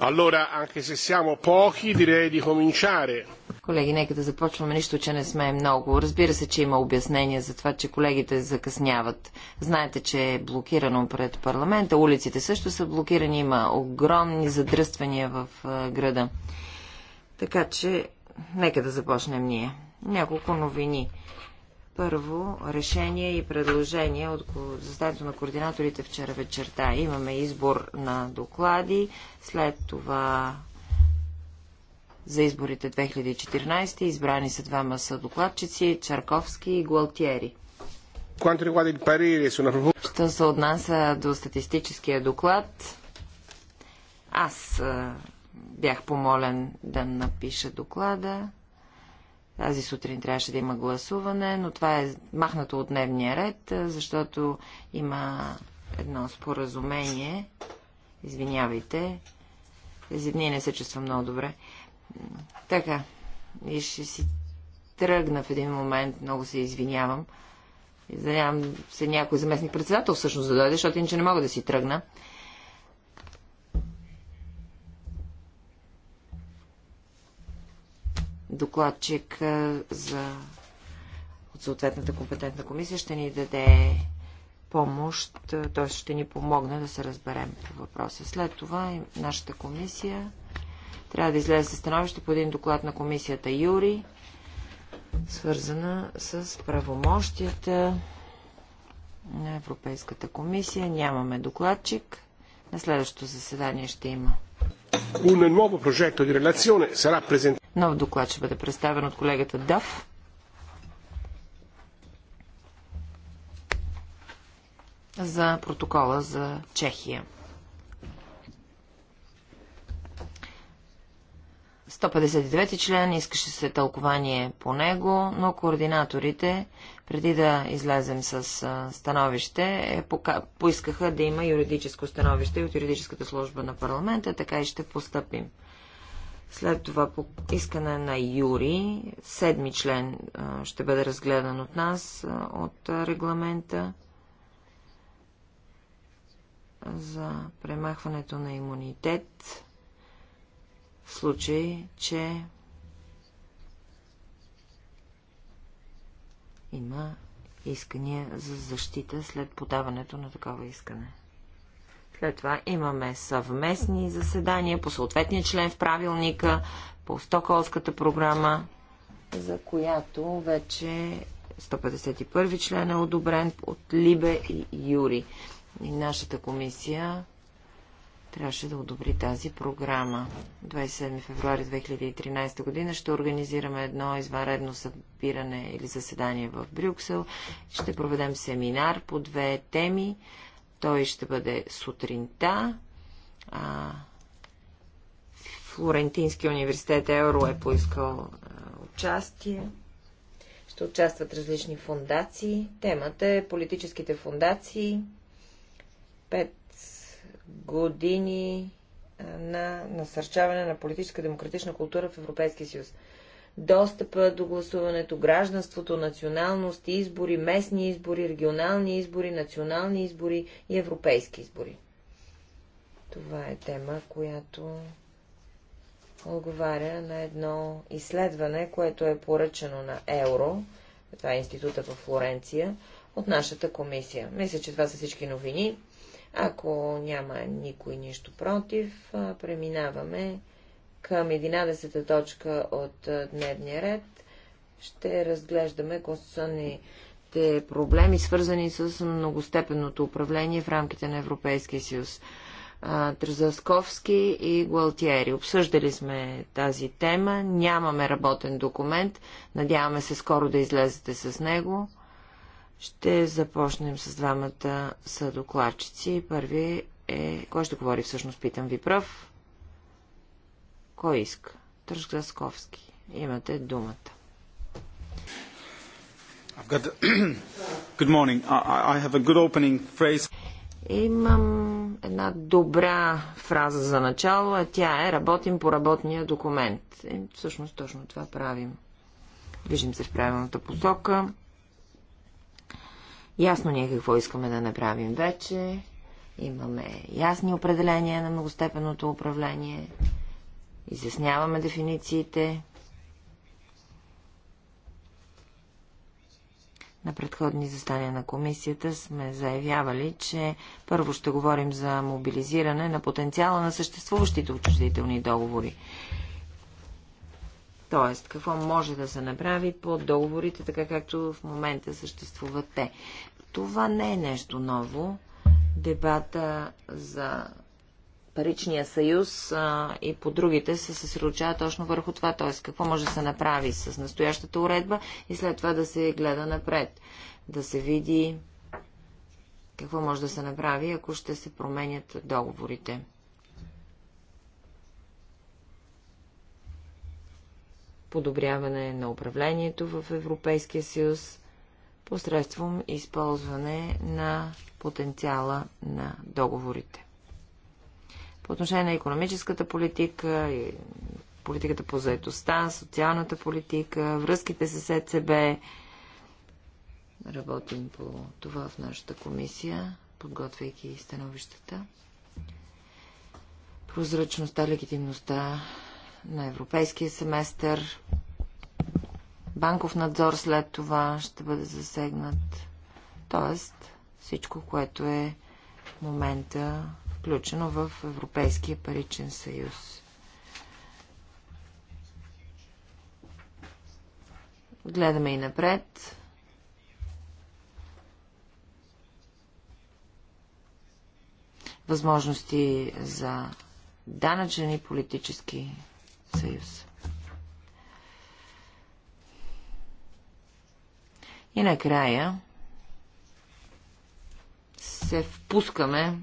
Allora, anche se siamo pochi, direi di cominciare. Колеги, нека да започваме, нищо, че не сме много. Разбира се, че има обяснение за това, че колегите закъсняват. Знаете, че е блокирано пред парламента, улиците също са блокирани, има огромни задръствания в града. Така че, нека да започнем ние. Няколко новини. Първо, решение и предложение от заседанието на координаторите вчера вечерта. Имаме избор на доклади, след това за изборите 2014 избрани са двама са докладчици Чарковски и Гуалтиери. Що се отнася до статистическия доклад, аз бях помолен да напиша доклада. Тази сутрин трябваше да има гласуване, но това е махнато от дневния ред, защото има едно споразумение. Извинявайте. Тези дни не се чувствам много добре. Така. И ще си тръгна в един момент. Много се извинявам. Извинявам се някой заместник председател всъщност да дойде, защото иначе не мога да си тръгна. докладчик за, от съответната компетентна комисия ще ни даде помощ, т.е. ще ни помогне да се разберем по въпроса. След това нашата комисия трябва да излезе със становище по един доклад на комисията Юри, свързана с правомощията на Европейската комисия. Нямаме докладчик. На следващото заседание ще има. Un nuovo progetto di relazione sarà presentato Нов доклад ще бъде представен от колегата Дав. за протокола за Чехия. 159 член искаше се тълкование по него, но координаторите, преди да излезем с становище, е, пока, поискаха да има юридическо становище от юридическата служба на парламента, така и ще постъпим. След това по искане на Юри, седми член ще бъде разгледан от нас, от регламента за премахването на имунитет в случай, че има искания за защита след подаването на такова искане. След това имаме съвместни заседания по съответния член в правилника, по Стоколската програма, за която вече 151 член е одобрен от Либе и Юри. И нашата комисия трябваше да одобри тази програма. 27 февруари 2013 година ще организираме едно извънредно събиране или заседание в Брюксел. Ще проведем семинар по две теми той ще бъде сутринта. А, Флорентинския университет Евро е поискал а, участие. Ще участват различни фундации. Темата е политическите фундации. Пет години на насърчаване на политическа демократична култура в Европейския съюз достъпа до гласуването, гражданството, националност, избори, местни избори, регионални избори, национални избори и европейски избори. Това е тема, която отговаря на едно изследване, което е поръчано на Евро, това е института в Флоренция, от нашата комисия. Мисля, че това са всички новини. Ако няма никой нищо против, преминаваме към 11-та точка от дневния ред ще разглеждаме конституционните проблеми, свързани с многостепенното управление в рамките на Европейския съюз. Трзасковски и Гуалтиери. Обсъждали сме тази тема, нямаме работен документ, надяваме се скоро да излезете с него. Ще започнем с двамата съдокладчици. Първи е... Кой ще говори всъщност, питам ви прав? Кой иска? Засковски. Имате думата. Имам една добра фраза за начало, а тя е работим по работния документ. И всъщност точно това правим. Движим се в правилната посока. Ясно ние какво искаме да направим вече. Имаме ясни определения на многостепенното управление изясняваме дефинициите. На предходни застания на комисията сме заявявали, че първо ще говорим за мобилизиране на потенциала на съществуващите учредителни договори. Тоест, какво може да се направи по договорите, така както в момента съществуват те. Това не е нещо ново. Дебата за паричния съюз а, и по другите се съсредоточава точно върху това, т.е. какво може да се направи с настоящата уредба и след това да се гледа напред, да се види какво може да се направи, ако ще се променят договорите. Подобряване на управлението в Европейския съюз посредством използване на потенциала на договорите по отношение на економическата политика, политиката по заедостта, социалната политика, връзките с ЕЦБ. Работим по това в нашата комисия, подготвяйки становищата. Прозрачността, легитимността на европейския семестър, банков надзор след това ще бъде засегнат. Тоест, всичко, което е в момента включено в Европейския паричен съюз. Гледаме и напред. Възможности за данъчен и политически съюз. И накрая се впускаме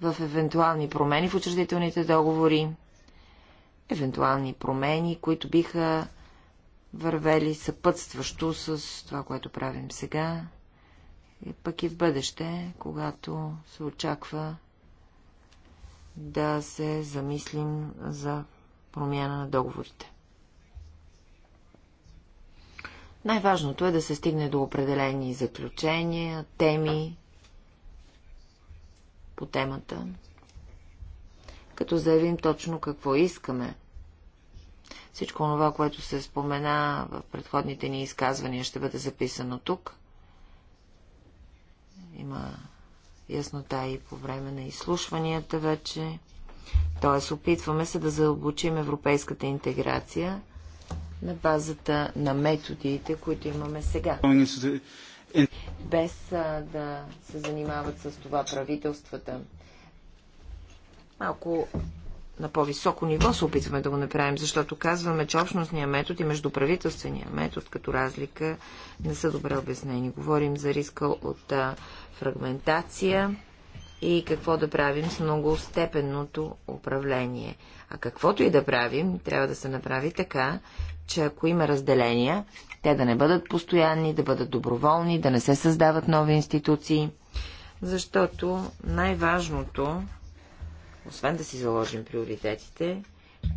в евентуални промени в учредителните договори, евентуални промени, които биха вървели съпътстващо с това, което правим сега, и пък и в бъдеще, когато се очаква да се замислим за промяна на договорите. Най-важното е да се стигне до определени заключения, теми, по темата, като заявим точно какво искаме. Всичко това, което се спомена в предходните ни изказвания, ще бъде записано тук. Има яснота и по време на изслушванията вече. Тоест, опитваме се да заобучим европейската интеграция на базата на методите, които имаме сега без а, да се занимават с това правителствата. Малко на по-високо ниво се опитваме да го направим, защото казваме, че общностния метод и междуправителствения метод като разлика не са добре обяснени. Говорим за риска от а, фрагментация и какво да правим с многостепенното управление. А каквото и да правим, трябва да се направи така, че ако има разделения, те да не бъдат постоянни, да бъдат доброволни, да не се създават нови институции. Защото най-важното, освен да си заложим приоритетите,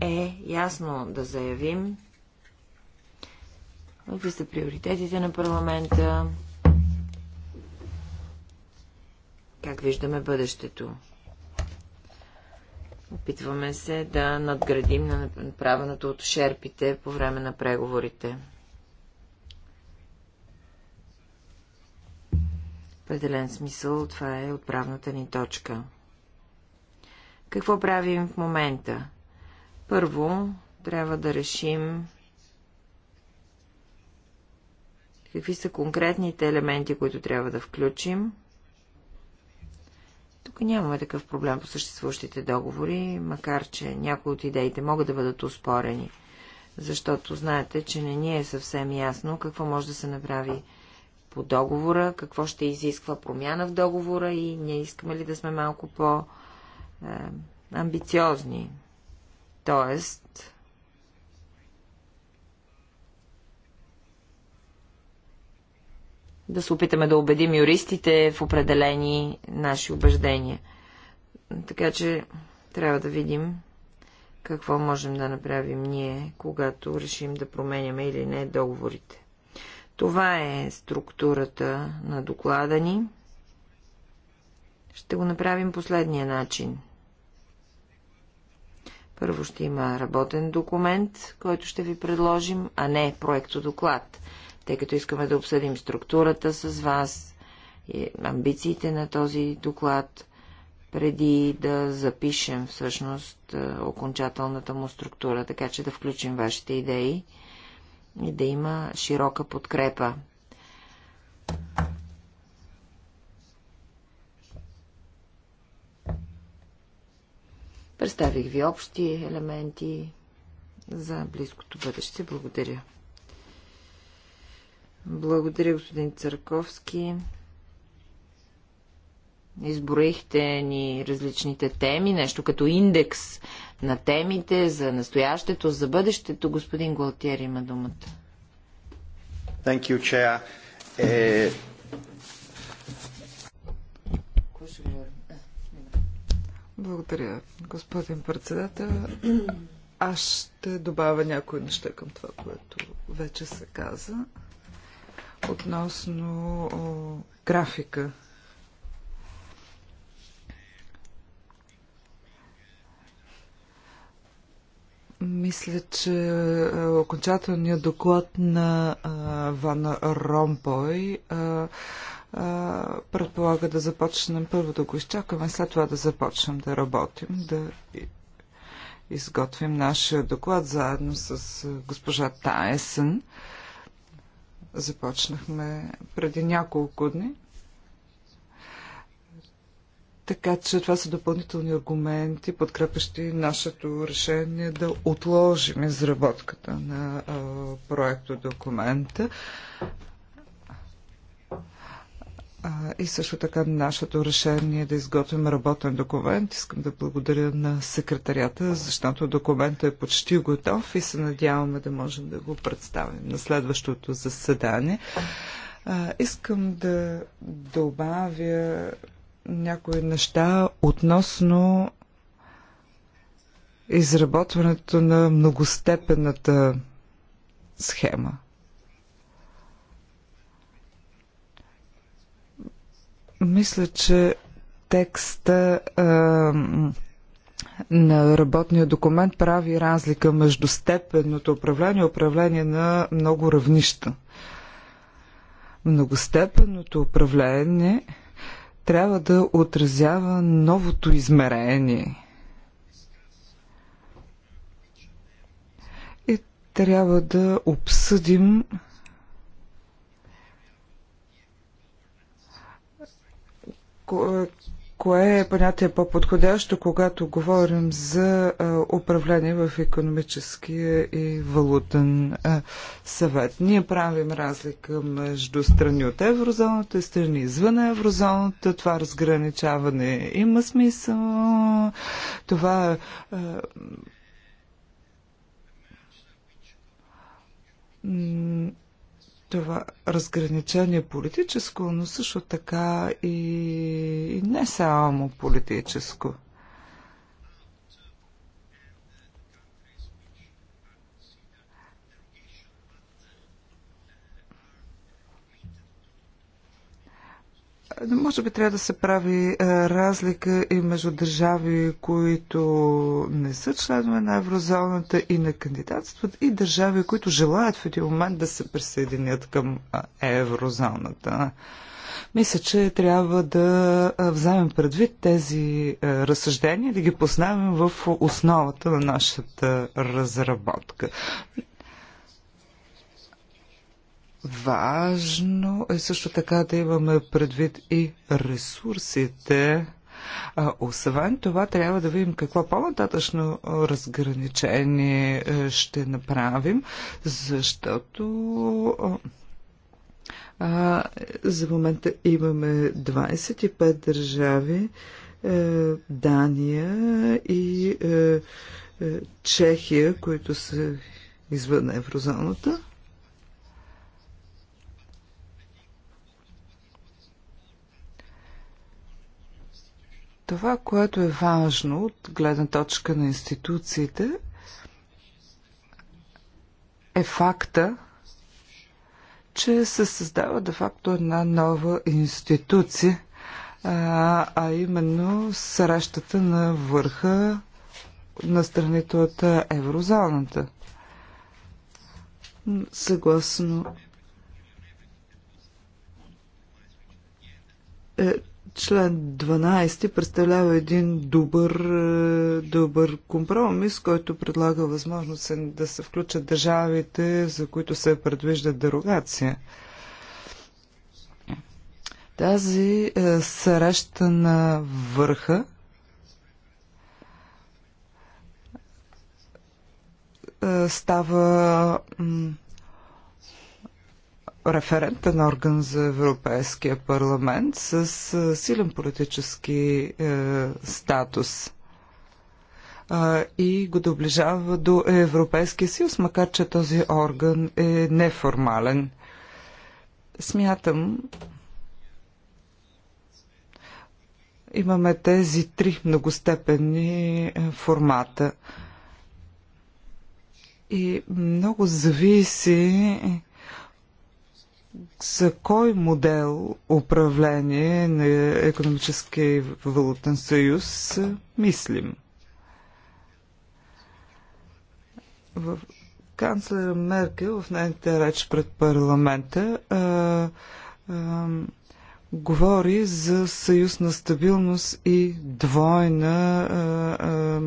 е ясно да заявим какви са приоритетите на парламента, как виждаме бъдещето. Опитваме се да надградим на направеното от шерпите по време на преговорите. определен смисъл това е отправната ни точка. Какво правим в момента? Първо, трябва да решим какви са конкретните елементи, които трябва да включим. Тук нямаме такъв проблем по съществуващите договори, макар че някои от идеите могат да бъдат успорени, защото знаете, че не ни е съвсем ясно какво може да се направи по договора, какво ще изисква промяна в договора и ние искаме ли да сме малко по-амбициозни. Е, Тоест, да се опитаме да убедим юристите в определени наши убеждения. Така че трябва да видим какво можем да направим ние, когато решим да променяме или не договорите. Това е структурата на доклада ни. Ще го направим последния начин. Първо ще има работен документ, който ще ви предложим, а не проекто доклад, тъй като искаме да обсъдим структурата с вас, и амбициите на този доклад, преди да запишем всъщност е, окончателната му структура, така че да включим вашите идеи и да има широка подкрепа. Представих ви общи елементи за близкото бъдеще. Благодаря. Благодаря, господин Църковски. Изброихте ни различните теми, нещо като индекс на темите, за настоящето, за бъдещето. Господин Галтиер има думата. Thank you, Chair. Е... Благодаря, господин председател. Аз ще добавя някои неща към това, което вече се каза относно о, графика мисля, че окончателният доклад на Ван Ромпой предполага да започнем първо да го изчакаме, след това да започнем да работим, да изготвим нашия доклад заедно с госпожа Таесен. Започнахме преди няколко дни. Така че това са допълнителни аргументи, подкрепящи нашето решение да отложим изработката на проект проекто документа. и също така нашето решение да изготвим работен документ. Искам да благодаря на секретарята, защото документът е почти готов и се надяваме да можем да го представим на следващото заседание. искам да добавя някои неща относно изработването на многостепенната схема. Мисля, че текста а, на работния документ прави разлика между степенното управление и управление на много равнища. Многостепенното управление – трябва да отразява новото измерение. И трябва да обсъдим Кое? кое е понятие по-подходящо, когато говорим за управление в економическия и валутен съвет. Ние правим разлика между страни от еврозоната и страни извън еврозоната. Това разграничаване има смисъл. Това това разграничение политическо, но също така и, и не само политическо. Може би трябва да се прави е, разлика и между държави, които не са членове на еврозоната и на кандидатстват, и държави, които желаят в един момент да се присъединят към е, еврозоната. Мисля, че трябва да е, вземем предвид тези разсъждения, да ги поставим в основата на нашата разработка. Важно е също така да имаме предвид и ресурсите. А, освен това, трябва да видим какво по-нататъчно разграничение е, ще направим, защото а, е, за момента имаме 25 държави, е, Дания и е, е, Чехия, които са извън еврозоната. Това, което е важно от гледна точка на институциите, е факта, че се създава де-факто една нова институция, а, а именно срещата на върха на страните от еврозоната. Съгласно е, Член 12 представлява един добър, е, добър компромис, който предлага възможност да се включат държавите, за които се предвижда дерогация. Тази е, среща на върха е, става референтен орган за Европейския парламент с е, силен политически е, статус и го доближава до Европейския съюз, макар че този орган е неформален. Смятам, имаме тези три многостепени е, формата. И много зависи за кой модел управление на економическия и валутен съюз мислим? В канцлера Меркел в нейната реч пред парламента а, а, говори за съюз на стабилност и двойна а, а,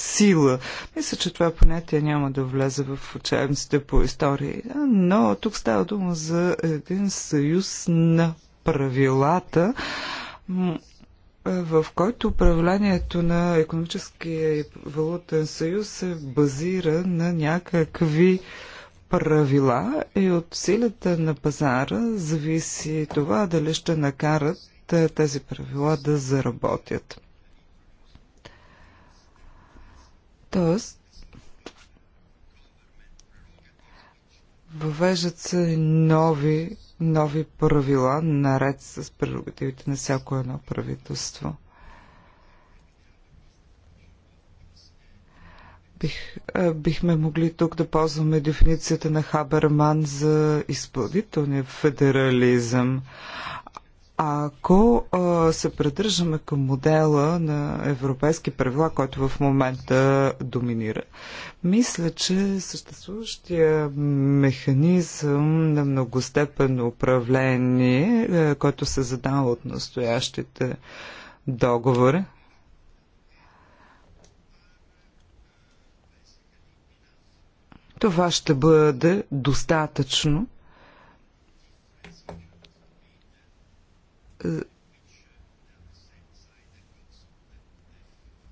сила. Мисля, че това понятие няма да влезе в учебниците по история, но тук става дума за един съюз на правилата, в който управлението на економическия и валутен съюз се базира на някакви правила и от силата на пазара зависи това дали ще накарат е, тези правила да заработят. Тоест, въвеждат се нови, нови правила, наред с прерогативите на всяко едно правителство. Бих, бихме могли тук да ползваме дефиницията на Хаберман за изпълнителния федерализъм ако а, се придържаме към модела на европейски правила, който в момента доминира, мисля, че съществуващия механизъм на многостепенно управление, а, който се задава от настоящите договори, това ще бъде достатъчно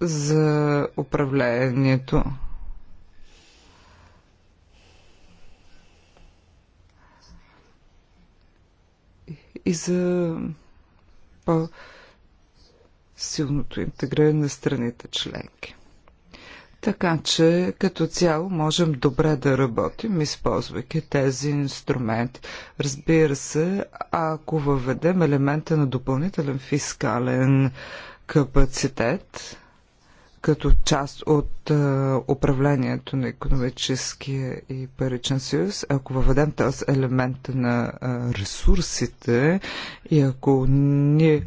за управлението. И за по-силното интегриране на страните членки. Така че като цяло можем добре да работим, използвайки тези инструменти. Разбира се, ако въведем елемента на допълнителен фискален капацитет, като част от а, е, управлението на економическия и паричен съюз, ако въведем този елемент на а, е, ресурсите и ако ние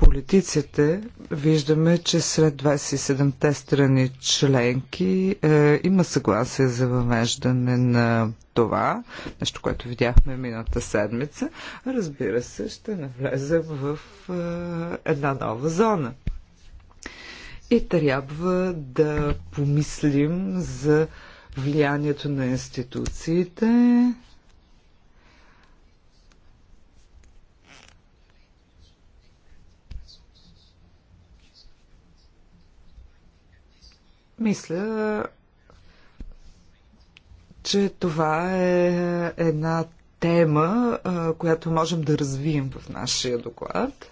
политиците виждаме, че сред 27-те страни членки е, има съгласие за въвеждане на това, нещо, което видяхме миналата седмица, разбира се, ще навлезе в е, една нова зона. И трябва да помислим за влиянието на институциите, Мисля, че това е една тема, която можем да развием в нашия доклад.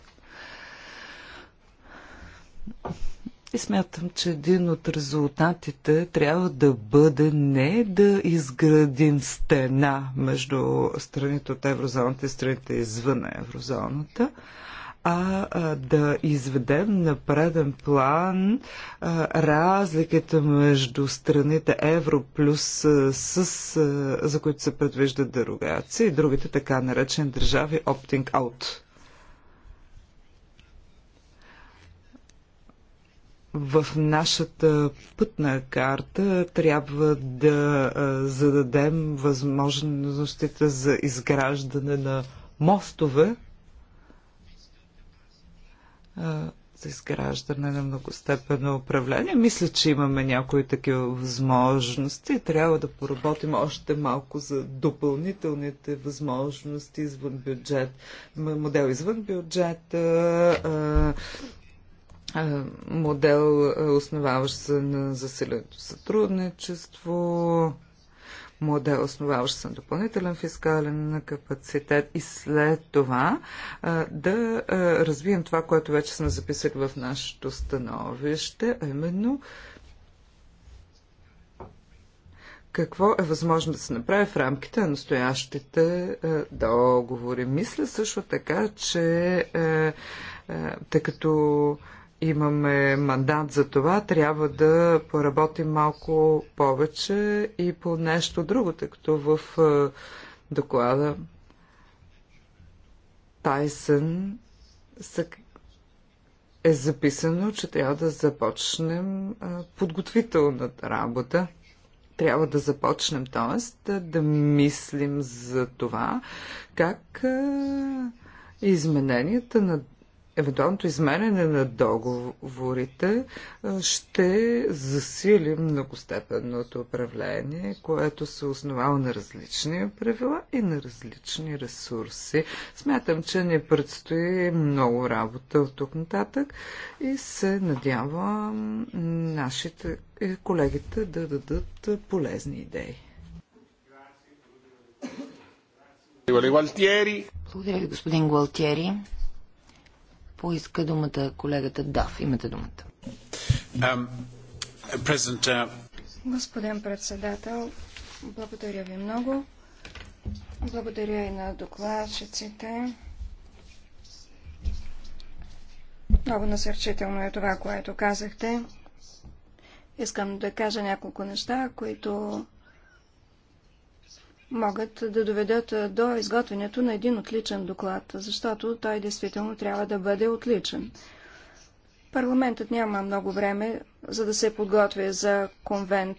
И смятам, че един от резултатите трябва да бъде не да изградим стена между страните от еврозоната и страните извън еврозоната, а да изведем на преден план разликата между страните Евро плюс с, за които се предвиждат дерогации и другите така наречени държави opting out. в нашата пътна карта трябва да зададем възможностите за изграждане на мостове за изграждане на многостепенно управление. Мисля, че имаме някои такива възможности. Трябва да поработим още малко за допълнителните възможности извън бюджет, модел извън бюджета, модел основаващ се на заселеното сътрудничество, модел, основаващ се на допълнителен фискален капацитет и след това да развием това, което вече сме записали в нашето становище, а именно какво е възможно да се направи в рамките на настоящите договори. Мисля също така, че тъй като имаме мандат за това, трябва да поработим малко повече и по нещо друго, тъй като в е, доклада Тайсън е записано, че трябва да започнем е, подготвителната работа. Трябва да започнем, т.е. Да, да мислим за това, как е, измененията на евентуалното изменяне на договорите ще засили многостепенното управление, което се основава на различни правила и на различни ресурси. Смятам, че ни предстои много работа от тук нататък и се надявам нашите е, колегите да дадат полезни идеи. Благодаря ви, господин Гуалтиери. Поиска думата колегата Дав. Имате думата. Um, uh, Господин председател, благодаря ви много. Благодаря и на докладчиците. Много насърчително е това, което казахте. Искам да кажа няколко неща, които могат да доведат до изготвянето на един отличен доклад, защото той действително трябва да бъде отличен. Парламентът няма много време, за да се подготви за конвент.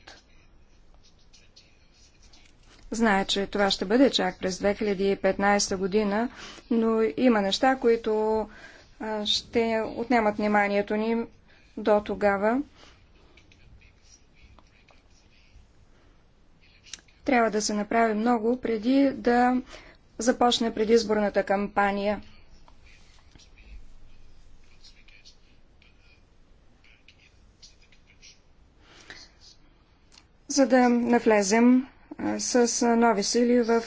Знае, че това ще бъде чак през 2015 година, но има неща, които ще отнемат вниманието ни до тогава. Трябва да се направи много преди да започне предизборната кампания. За да навлезем с нови сили в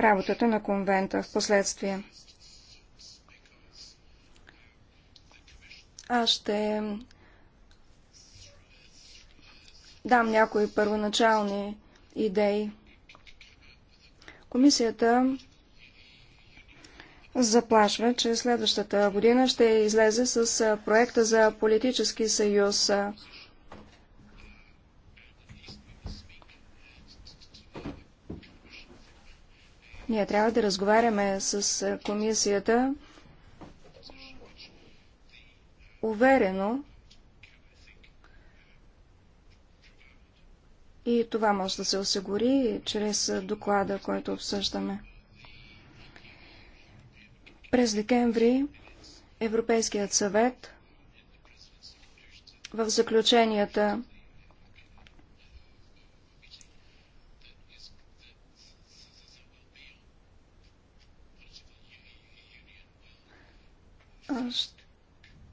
работата на конвента в последствие. Аз ще дам някои първоначални идеи. Комисията заплашва, че следващата година ще излезе с проекта за политически съюз. Ние трябва да разговаряме с комисията уверено, И това може да се осигури чрез доклада, който обсъждаме. През декември Европейският съвет в заключенията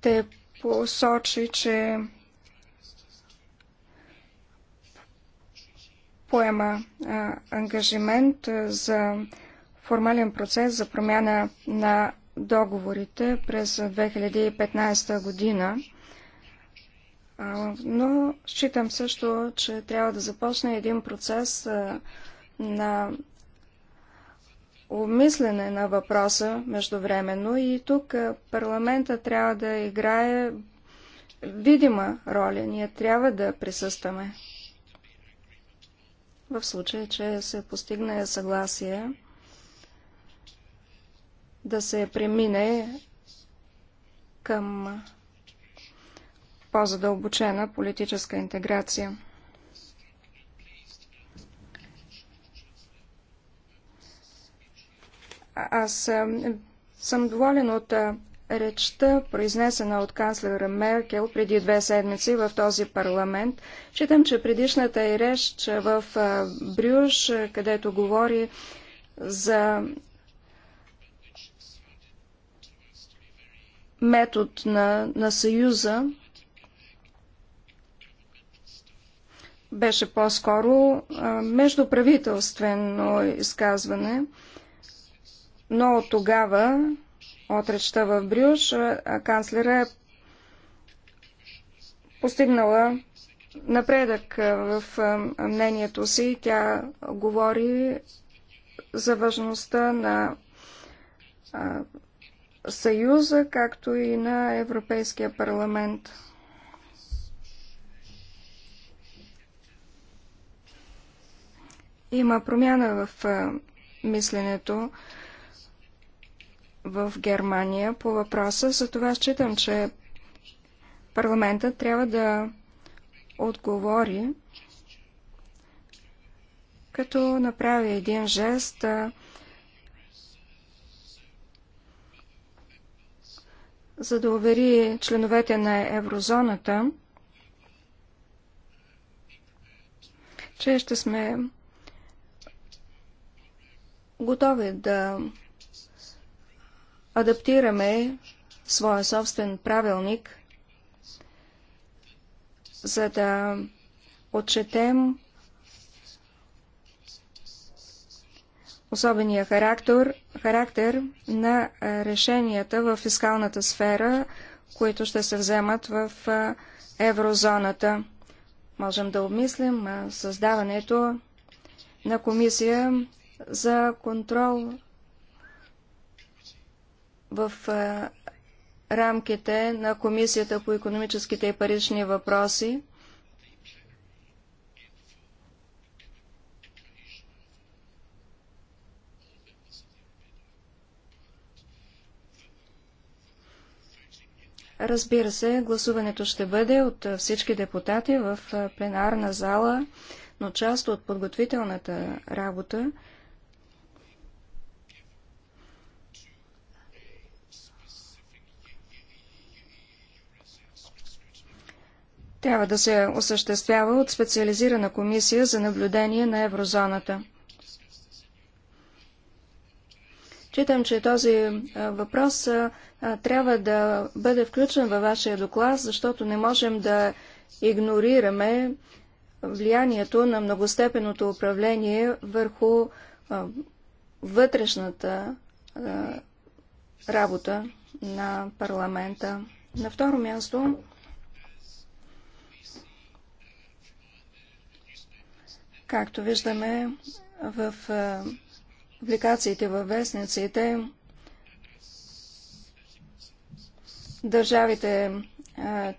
ще посочи, че поема а, ангажимент за формален процес за промяна на договорите през 2015 година. А, но считам също, че трябва да започне един процес а, на обмислене на въпроса междувременно и тук парламента трябва да играе видима роля. Ние трябва да присъстваме в случай, че се постигне съгласие да се премине към по-задълбочена политическа интеграция. Аз съм доволен от речта, произнесена от канцлера Меркел преди две седмици в този парламент. Считам, че предишната е реч в Брюш, където говори за метод на, на Съюза, беше по-скоро междуправителствено изказване, но от тогава отречта в Брюш, канцлера е постигнала напредък в мнението си. Тя говори за важността на Съюза, както и на Европейския парламент. Има промяна в мисленето в Германия по въпроса. За това считам, че парламентът трябва да отговори, като направи един жест, за да увери членовете на еврозоната, че ще сме готови да адаптираме своя собствен правилник, за да отчетем особения характер, характер на решенията в фискалната сфера, които ще се вземат в еврозоната. Можем да обмислим създаването на комисия за контрол в рамките на Комисията по економическите и парични въпроси. Разбира се, гласуването ще бъде от всички депутати в пленарна зала, но част от подготвителната работа трябва да се осъществява от специализирана комисия за наблюдение на еврозоната. Читам, че този въпрос трябва да бъде включен във вашия доклад, защото не можем да игнорираме влиянието на многостепеното управление върху вътрешната работа на парламента. На второ място Както виждаме в публикациите във вестниците, държавите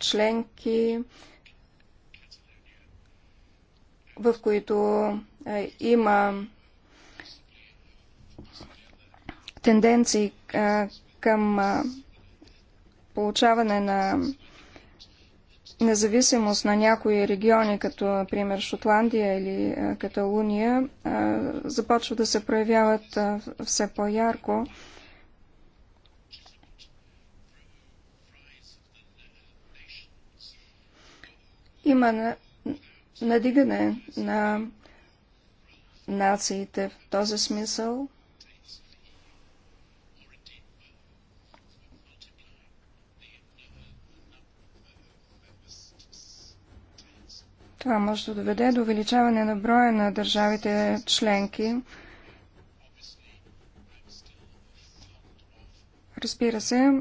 членки, в които има тенденции към получаване на независимост на някои региони, като например Шотландия или е, Каталуния, е, започва да се проявяват е, все по-ярко. Има надигане на нациите в този смисъл – Това може да доведе до увеличаване на броя на държавите членки. Разбира се,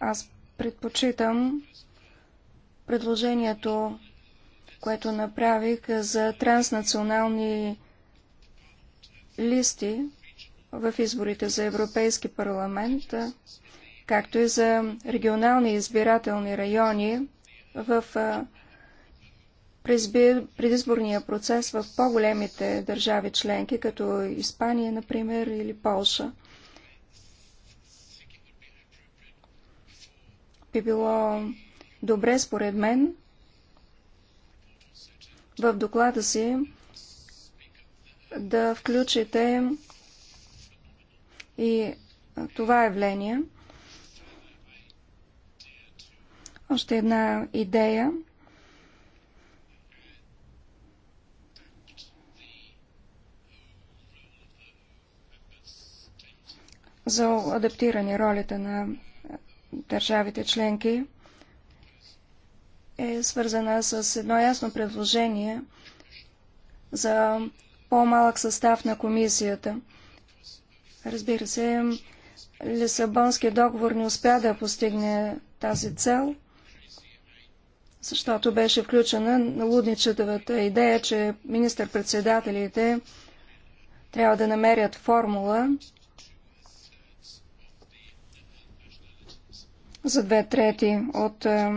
аз предпочитам предложението, което направих за транснационални листи в изборите за Европейски парламент, както и за регионални избирателни райони в през предизборния процес в по-големите държави членки, като Испания, например, или Полша. Би било добре, според мен, в доклада си да включите и това явление. Още една идея – за адаптиране ролята на държавите членки е свързана с едно ясно предложение за по-малък състав на комисията. Разбира се, Лисабонският договор не успя да постигне тази цел, защото беше включена на налудничетата идея, че министър-председателите трябва да намерят формула, за две трети от е,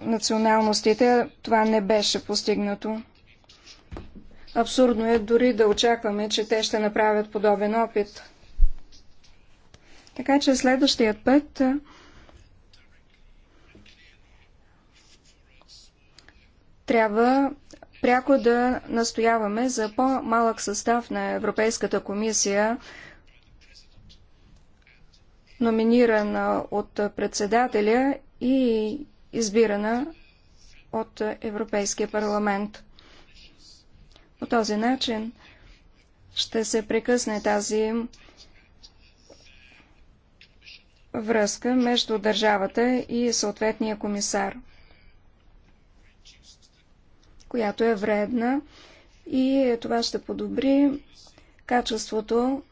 националностите. Това не беше постигнато. Абсурдно е дори да очакваме, че те ще направят подобен опит. Така че следващият път е, трябва пряко да настояваме за по-малък състав на Европейската комисия, номинирана от председателя и избирана от Европейския парламент. По този начин ще се прекъсне тази връзка между държавата и съответния комисар, която е вредна и това ще подобри качеството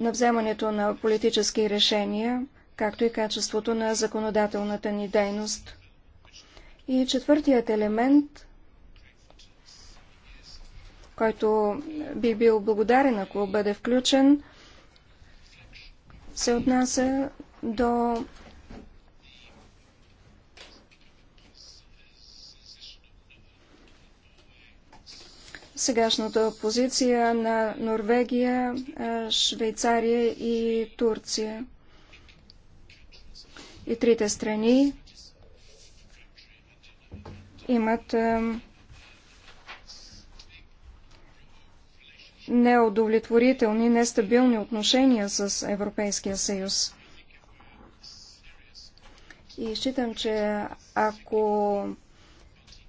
на вземането на политически решения, както и качеството на законодателната ни дейност. И четвъртият елемент, който би бил благодарен, ако бъде включен, се отнася до сегашната позиция на Норвегия, Швейцария и Турция. И трите страни имат неудовлетворителни, нестабилни отношения с Европейския съюз. И считам, че ако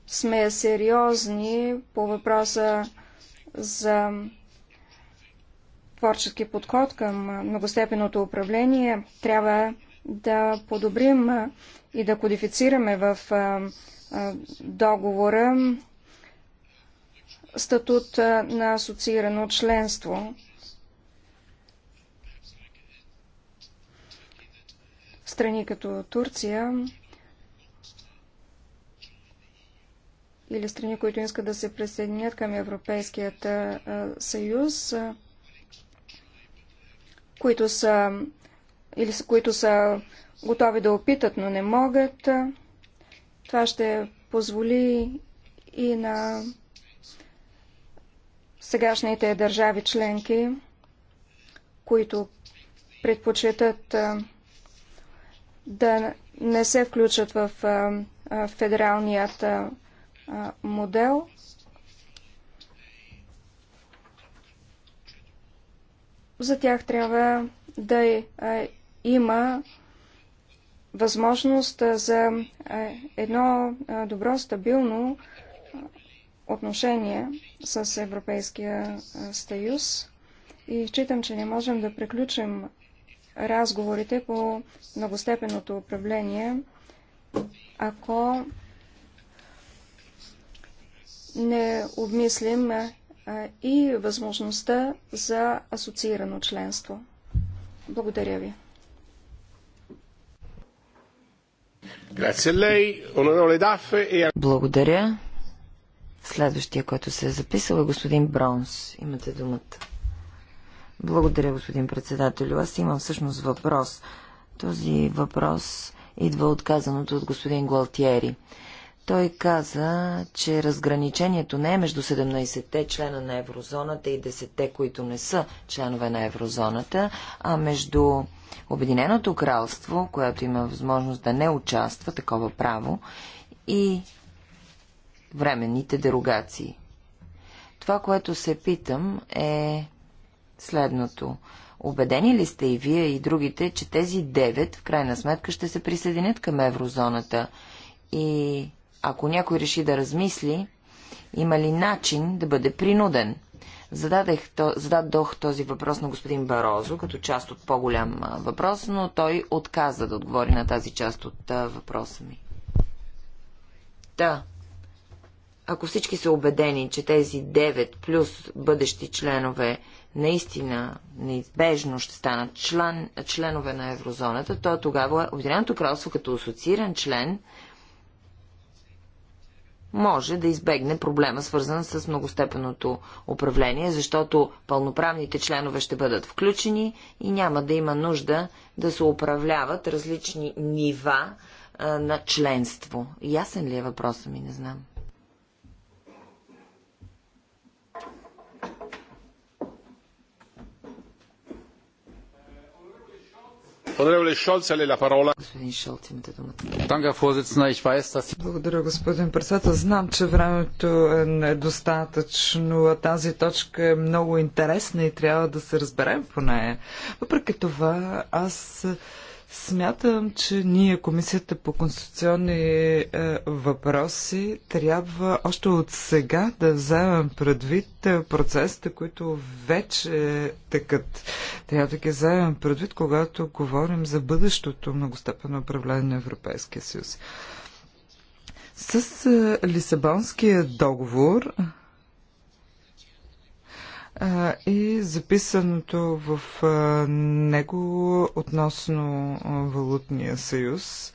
сме сериозни по въпроса за творчески подход към многостепенното управление, трябва да подобрим и да кодифицираме в договора статут на асоциирано членство. Страни като Турция или страни, които искат да се присъединят към Европейският съюз, които са или които са готови да опитат, но не могат. Това ще позволи и на сегашните държави членки, които предпочитат да не се включат в федералният модел. За тях трябва да е, има възможност за едно добро, стабилно отношение с Европейския съюз. И считам, че не можем да приключим разговорите по многостепенното управление, ако не обмислим и възможността за асоциирано членство. Благодаря ви. E Благодаря. Следващия, който се е записал е господин Браунс. Имате думата. Благодаря, господин председател. Аз имам всъщност въпрос. Този въпрос идва от казаното от господин Гуалтиери. Той каза, че разграничението не е между 17-те члена на еврозоната и 10-те, които не са членове на еврозоната, а между Обединеното кралство, което има възможност да не участва такова право, и временните дерогации. Това, което се питам е следното. Обедени ли сте и вие и другите, че тези девет в крайна сметка ще се присъединят към еврозоната? И ако някой реши да размисли, има ли начин да бъде принуден? Зададех, то, зададох този въпрос на господин Барозо, като част от по-голям въпрос, но той отказа да отговори на тази част от а, въпроса ми. Да. Ако всички са убедени, че тези 9 плюс бъдещи членове наистина неизбежно ще станат член, членове на еврозоната, то тогава Обединеното кралство като асоцииран член може да избегне проблема, свързан с многостепеното управление, защото пълноправните членове ще бъдат включени и няма да има нужда да се управляват различни нива а, на членство. Ясен ли е въпросът ми, не знам. Благодаря, господин председател. Знам, че времето е недостатъчно. а Тази точка е много интересна и трябва да се разберем по нея. Въпреки това, аз Смятам, че ние, Комисията по конституционни е, въпроси, трябва още от сега да вземем предвид е, процесите, които вече тъкат. Трябва да ги вземем предвид, когато говорим за бъдещото многостепенно управление на Европейския съюз. С е, Лисабонския договор и записаното в него относно валутния съюз.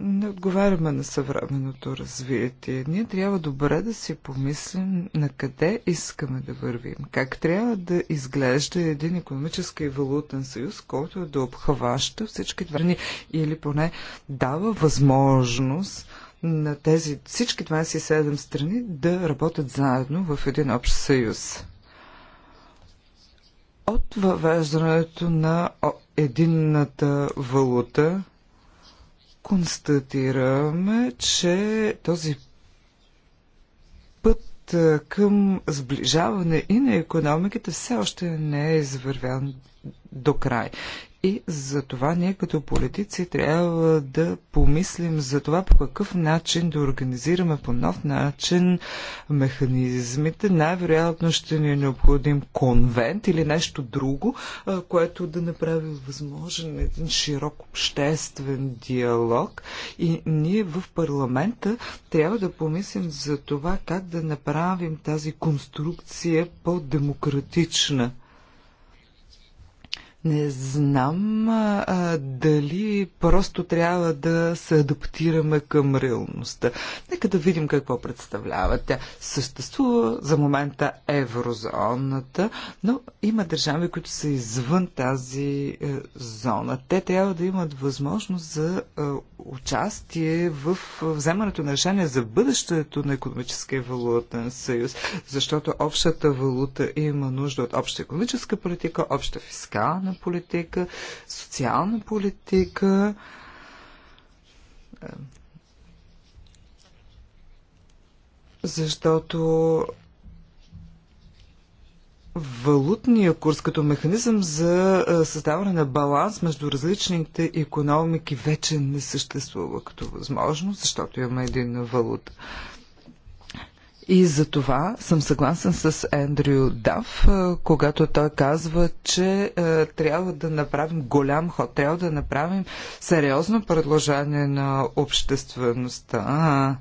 Не отговаряме на съвременното развитие. Ние трябва добре да си помислим на къде искаме да вървим, как трябва да изглежда един економически и валутен съюз, който да обхваща всички страни или поне дава възможност на тези всички 27 страни да работят заедно в един общ съюз. От въвеждането на единната валута констатираме, че този път към сближаване и на економиката все още не е извървян до край. И за това ние като политици трябва да помислим за това по какъв начин да организираме по нов начин механизмите. Най-вероятно ще ни е необходим конвент или нещо друго, което да направи възможен един широк обществен диалог. И ние в парламента трябва да помислим за това как да направим тази конструкция по-демократична. Не знам а, дали просто трябва да се адаптираме към реалността. Нека да видим какво представлява тя. Съществува за момента еврозоната, но има държави, които са извън тази е, зона. Те трябва да имат възможност за е, участие в вземането на решение за бъдещето на економическия валутен съюз, защото общата валута има нужда от обща економическа политика, обща фискална здравна политика, социална политика. Е, защото валутния курс като механизъм за е, създаване на баланс между различните економики вече не съществува като възможност, защото имаме един валута. И за това съм съгласен с Ендрю Дав, е, когато той казва, че е, трябва да направим голям ход, трябва да направим сериозно предложение на обществеността,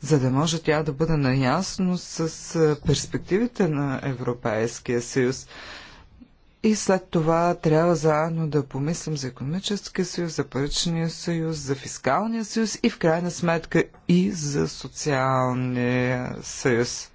за да може тя да бъде наясно с е, перспективите на Европейския съюз. И след това трябва заедно да помислим за економическия съюз, за паричния съюз, за фискалния съюз и в крайна сметка и за социалния съюз.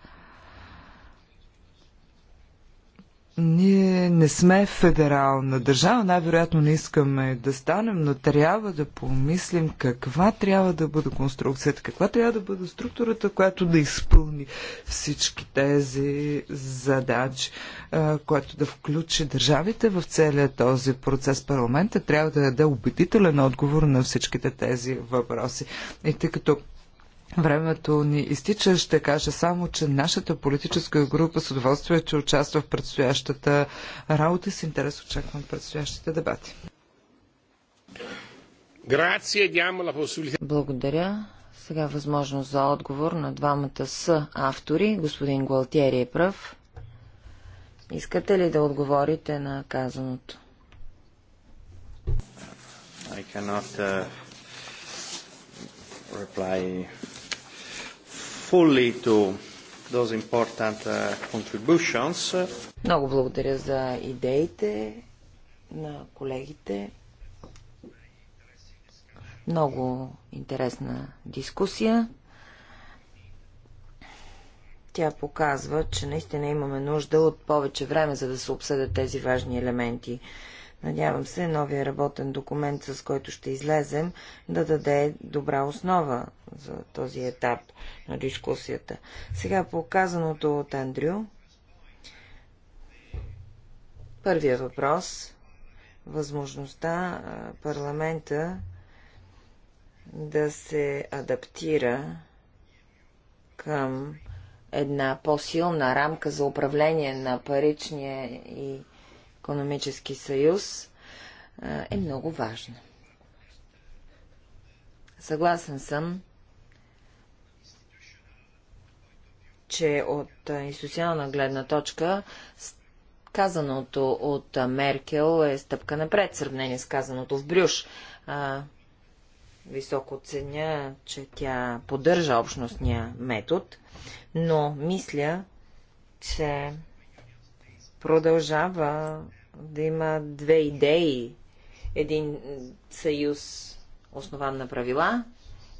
Ние не сме федерална държава, най-вероятно не искаме да станем, но трябва да помислим каква трябва да бъде конструкцията, каква трябва да бъде структурата, която да изпълни всички тези задачи, която да включи държавите в целия този процес. Парламента трябва да даде убедителен отговор на всичките тези въпроси. И тъй като Времето ни изтича. Ще кажа само, че нашата политическа група с удоволствие, че участва в предстоящата работа и с интерес очаквам предстоящите дебати. Благодаря. Сега възможност за отговор на двамата с автори. Господин Гуалтиери е пръв. Искате ли да отговорите на казаното? I cannot uh, reply fully to those important uh, contributions. Много благодаря за идеите на колегите. Много интересна дискусия. Тя показва, че наистина имаме нужда от повече време, за да се обсъдят тези важни елементи Надявам се новия работен документ, с който ще излезем, да даде добра основа за този етап на дискусията. Сега по казаното от Андрю. Първия въпрос. Възможността парламента да се адаптира към една по-силна рамка за управление на паричния и економически съюз е много важна. Съгласен съм, че от институционална гледна точка казаното от Меркел е стъпка напред, сравнение с казаното в Брюш. високо ценя, че тя поддържа общностния метод, но мисля, че продължава да има две идеи. Един съюз, основан на правила,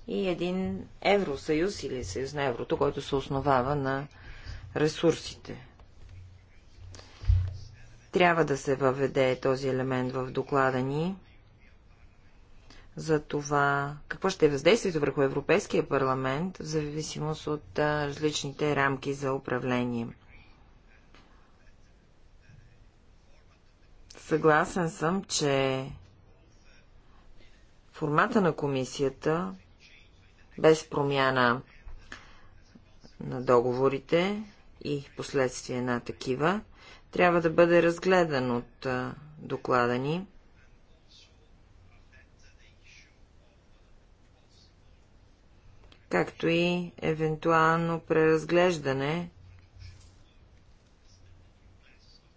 и един евросъюз или съюз на еврото, който се основава на ресурсите. Трябва да се въведе този елемент в доклада ни за това какво ще е въздействието върху Европейския парламент в зависимост от различните рамки за управление. Съгласен съм, че формата на комисията, без промяна на договорите и последствие на такива, трябва да бъде разгледан от доклада ни. както и евентуално преразглеждане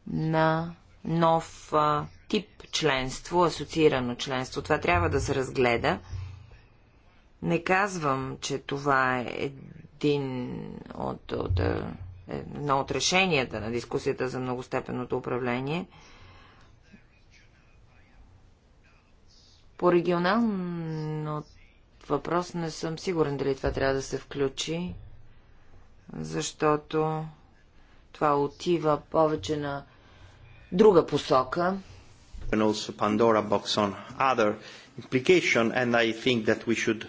на нов а, тип членство, асоциирано членство. Това трябва да се разгледа. Не казвам, че това е един от, от, едно от решенията на дискусията за многостепенното управление. По регионално въпрос не съм сигурен дали това трябва да се включи, защото това отива повече на друга посока. And also Pandora box on other implication and I think that we should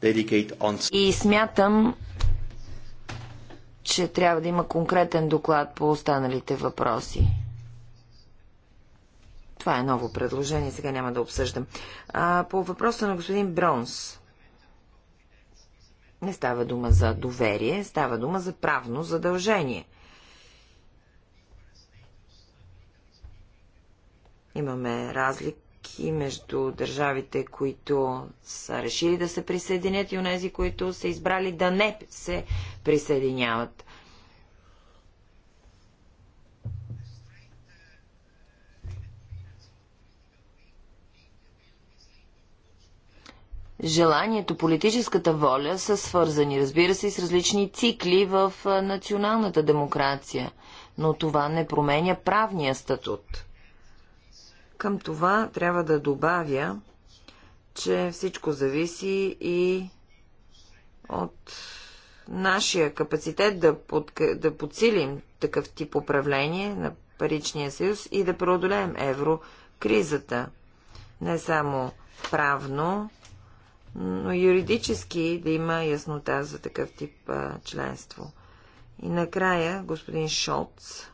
dedicate on... И смятам, че трябва да има конкретен доклад по останалите въпроси. Това е ново предложение, сега няма да обсъждам. А, по въпроса на господин Бронс. Не става дума за доверие, става дума за правно задължение. Имаме разлики между държавите, които са решили да се присъединят и онези, които са избрали да не се присъединяват. желанието, политическата воля са свързани, разбира се, с различни цикли в националната демокрация, но това не променя правния статут. Към това трябва да добавя, че всичко зависи и от нашия капацитет да, под, да подсилим такъв тип управление на паричния съюз и да преодолеем еврокризата. Не само правно, но юридически да има яснота за такъв тип а, членство. И накрая господин Шолц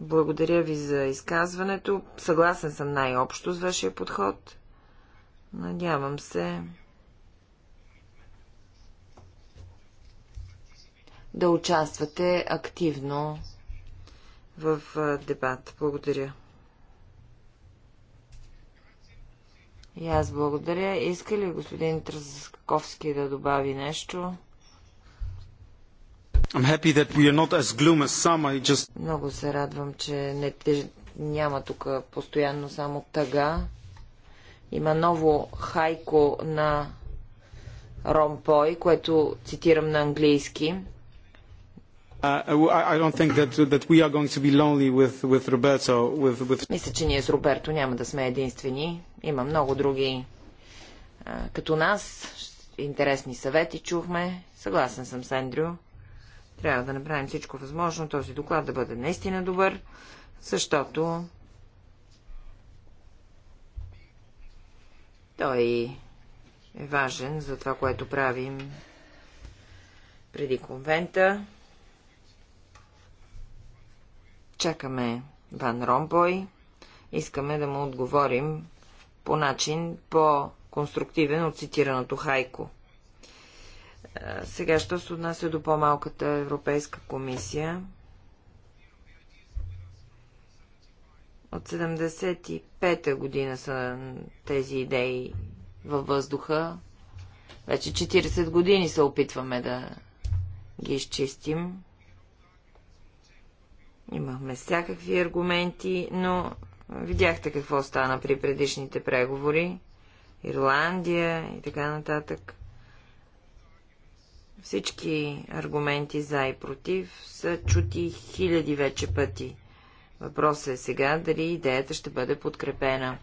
Благодаря ви за изказването. Съгласен съм най-общо с вашия подход. Надявам се да участвате активно в дебат. Благодаря. И аз благодаря. Иска ли господин Тръсковски да добави нещо? Just... Много се радвам, че не няма тук постоянно само тъга. Има ново хайко на Ромпой, което цитирам на английски. Мисля, че ние с Роберто няма да сме единствени. Има много други като нас. Интересни съвети чухме. Съгласен съм с Андрю. Трябва да направим всичко възможно този доклад да бъде наистина добър, защото той е важен за това, което правим преди конвента. Чакаме Ван Ромбой. Искаме да му отговорим по начин по-конструктивен от цитираното Хайко. Сега, що се отнася до по-малката Европейска комисия? От 75-та година са тези идеи във въздуха. Вече 40 години се опитваме да ги изчистим. Имахме всякакви аргументи, но видяхте какво стана при предишните преговори. Ирландия и така нататък. Всички аргументи за и против са чути хиляди вече пъти. Въпросът е сега дали идеята ще бъде подкрепена.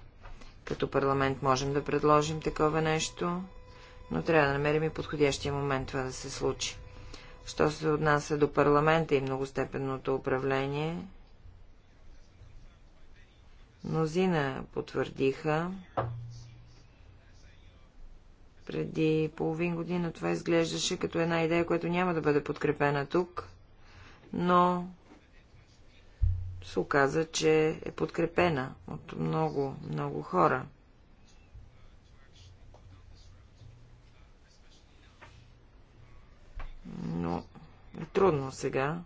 Като парламент можем да предложим такова нещо, но трябва да намерим и подходящия момент това да се случи. Що се отнася до парламента и многостепенното управление, мнозина потвърдиха, преди половин година това изглеждаше като една идея, която няма да бъде подкрепена тук, но се оказа, че е подкрепена от много, много хора. Но е трудно сега.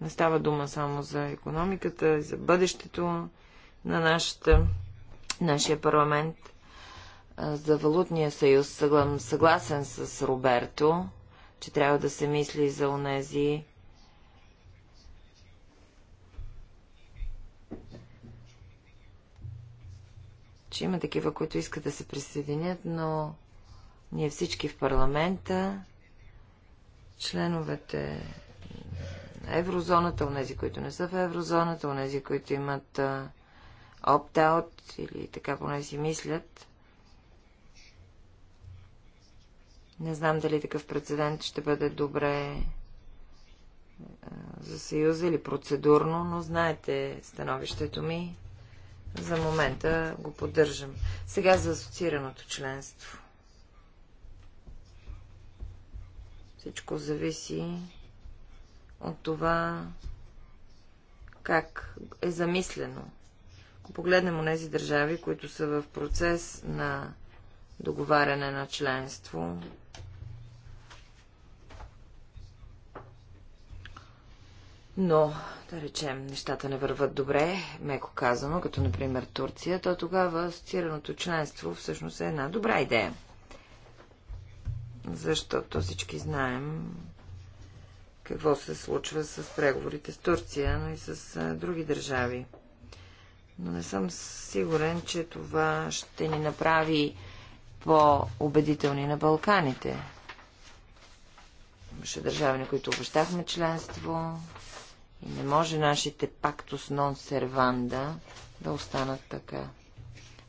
Не става дума само за економиката, и за бъдещето на нашата, нашия парламент за валутния съюз. Съгласен с Роберто, че трябва да се мисли за онези че има такива, които искат да се присъединят, но ние всички в парламента, членовете на еврозоната, онези, които не са в еврозоната, онези, които имат опт-аут или така поне си мислят, Не знам дали такъв прецедент ще бъде добре е, за Съюза или процедурно, но знаете становището ми. За момента го поддържам. Сега за асоциираното членство. Всичко зависи от това, как е замислено. Ако погледнем нези държави, които са в процес на договаряне на членство, но, да речем, нещата не върват добре, меко казано, като например Турция, то тогава асоциираното членство всъщност е една добра идея. Защото всички знаем какво се случва с преговорите с Турция, но и с други държави. Но не съм сигурен, че това ще ни направи по-убедителни на Балканите. Имаше държави, на които обещахме членство, не може нашите пактус нон серванда да останат така.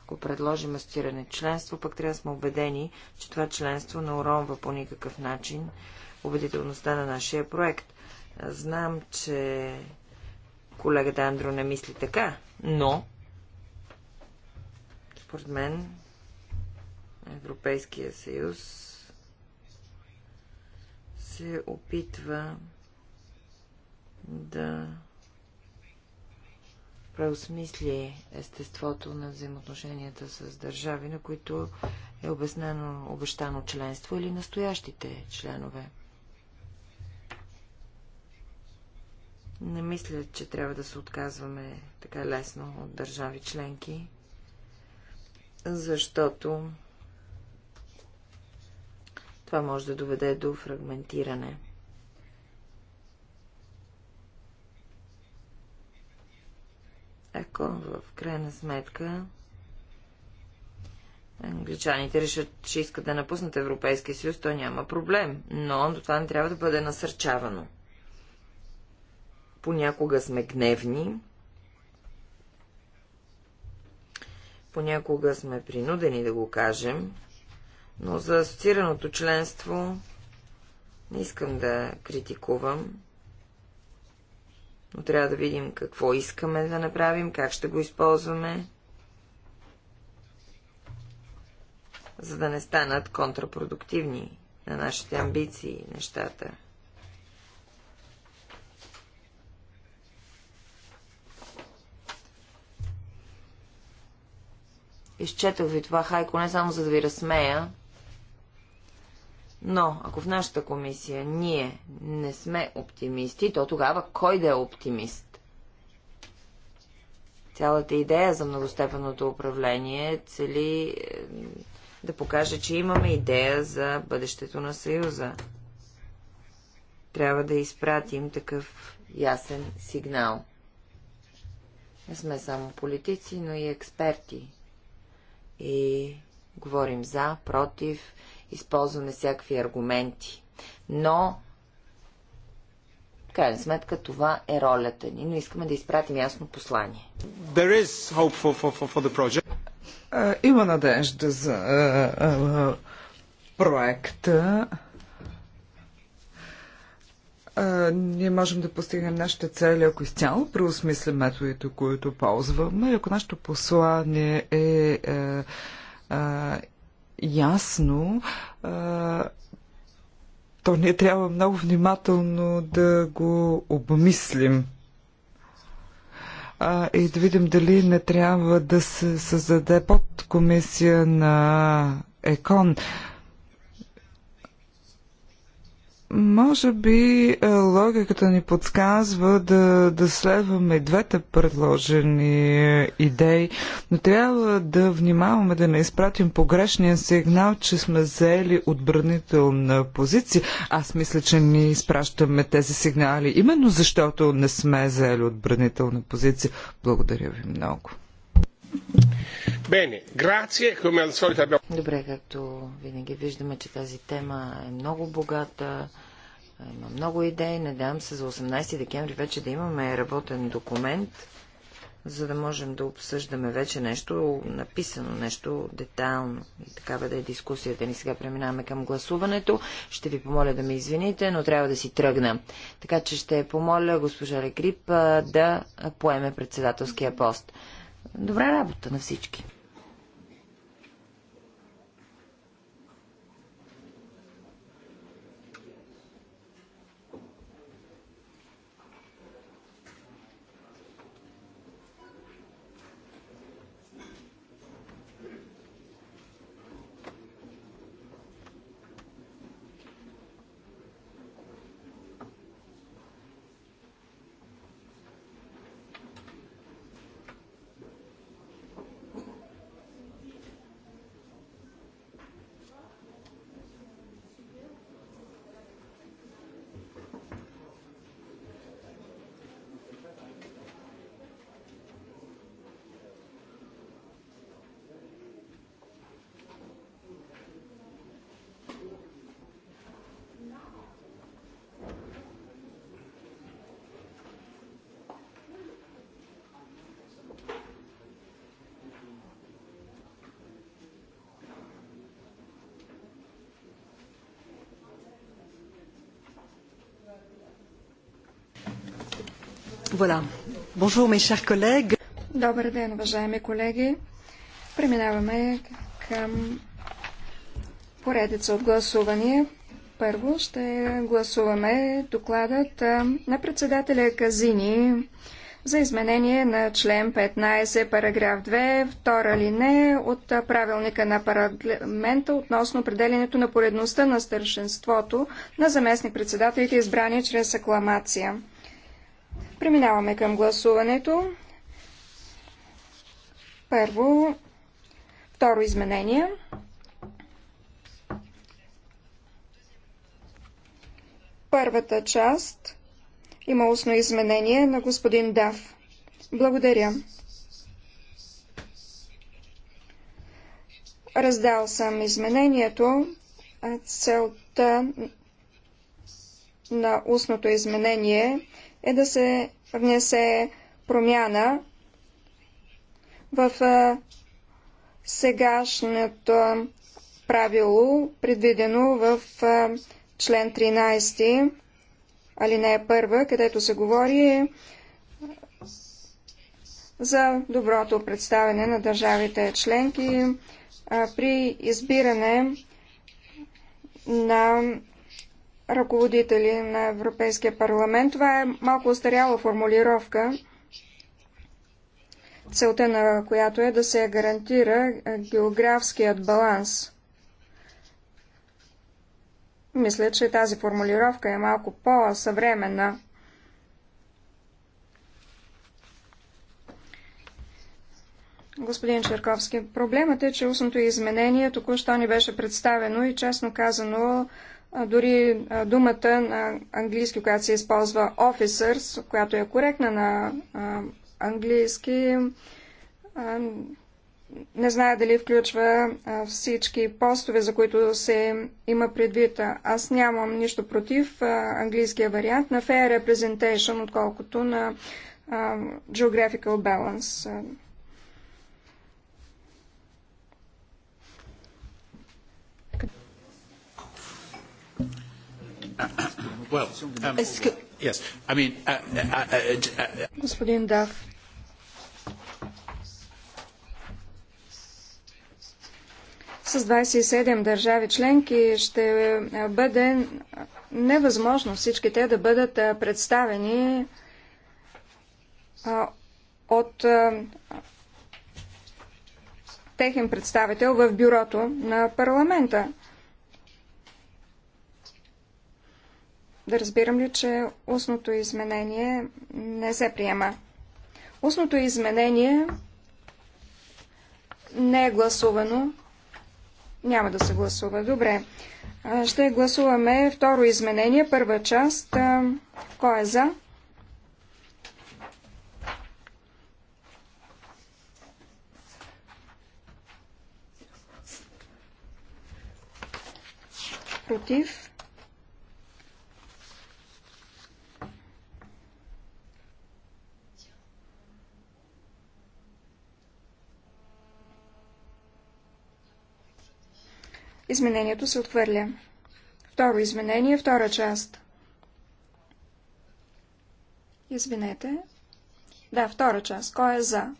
Ако предложим астиране членство, пък трябва да сме убедени, че това членство не уронва по никакъв начин убедителността на нашия проект. Знам, че колегата Андро не мисли така, но според мен Европейския съюз се опитва да преосмисли естеството на взаимоотношенията с държави, на които е обяснено, обещано членство или настоящите членове. Не мисля, че трябва да се отказваме така лесно от държави членки, защото това може да доведе до фрагментиране. ако в крайна сметка англичаните решат, че искат да напуснат Европейския съюз, то няма проблем. Но до това не трябва да бъде насърчавано. Понякога сме гневни, понякога сме принудени да го кажем, но за асоциираното членство не искам да критикувам. Но трябва да видим какво искаме да направим, как ще го използваме, за да не станат контрапродуктивни на нашите амбиции нещата. Изчетах ви това, Хайко, не само за да ви разсмея, но ако в нашата комисия ние не сме оптимисти, то тогава кой да е оптимист? Цялата идея за многостепенното управление цели е, да покаже, че имаме идея за бъдещето на Съюза. Трябва да изпратим такъв ясен сигнал. Не сме само политици, но и експерти. И говорим за, против използваме всякакви аргументи. Но, в крайна сметка, това е ролята ни, но искаме да изпратим ясно послание. There is hope for, for, for the project. има надежда за проекта ние можем да постигнем нашите цели, ако изцяло преосмислим методите, които ползваме, ако нашето послание е, е, е ясно, то ние трябва много внимателно да го обмислим а, и да видим дали не трябва да се създаде подкомисия на ЕКОН. Може би е, логиката ни подсказва да, да следваме двете предложени е, идеи, но трябва да внимаваме да не изпратим погрешния сигнал, че сме заели отбранителна позиция. Аз мисля, че ни изпращаме тези сигнали, именно защото не сме заели отбранителна позиция. Благодаря ви много. Добре, както винаги виждаме, че тази тема е много богата, има много идеи. Надявам се за 18 декември вече да имаме работен документ, за да можем да обсъждаме вече нещо написано, нещо детайлно. И такава да е дискусията ни. Сега преминаваме към гласуването. Ще ви помоля да ме извините, но трябва да си тръгна. Така че ще помоля госпожа Рекрип да поеме председателския пост. Добра работа на всички! Bonjour, mes chers collègues. Добър ден, уважаеми колеги. Преминаваме към поредица от гласувания. Първо ще гласуваме докладът на председателя Казини за изменение на член 15, параграф 2, втора линия от правилника на парламента относно определенето на поредността на старшинството на заместник-председателите, избрани чрез акламация. Преминаваме към гласуването. Първо, второ изменение. Първата част има устно изменение на господин Дав. Благодаря. Раздал съм изменението. Целта на устното изменение е да се внесе промяна в сегашното правило, предвидено в член 13, алинея 1, където се говори за доброто представяне на държавите членки при избиране на ръководители на Европейския парламент. Това е малко остаряла формулировка, целта на която е да се гарантира е, географският баланс. Мисля, че тази формулировка е малко по-съвременна. Господин Черковски, проблемът е, че устното изменение току-що ни беше представено и честно казано дори думата на английски, която се използва officers, която е коректна на английски, не зная дали включва всички постове, за които се има предвид. Аз нямам нищо против английския вариант на fair representation, отколкото на geographical balance. Господин Дав. С 27 държави членки ще бъде невъзможно всички те да бъдат представени от техен представител в бюрото на парламента. Да разбирам ли, че устното изменение не се приема? Устното изменение не е гласувано. Няма да се гласува. Добре. Ще гласуваме второ изменение, първа част. Кой е за? Против? Изменението се отхвърля. Второ изменение, втора част. Извинете. Да, втора част. Кой е за?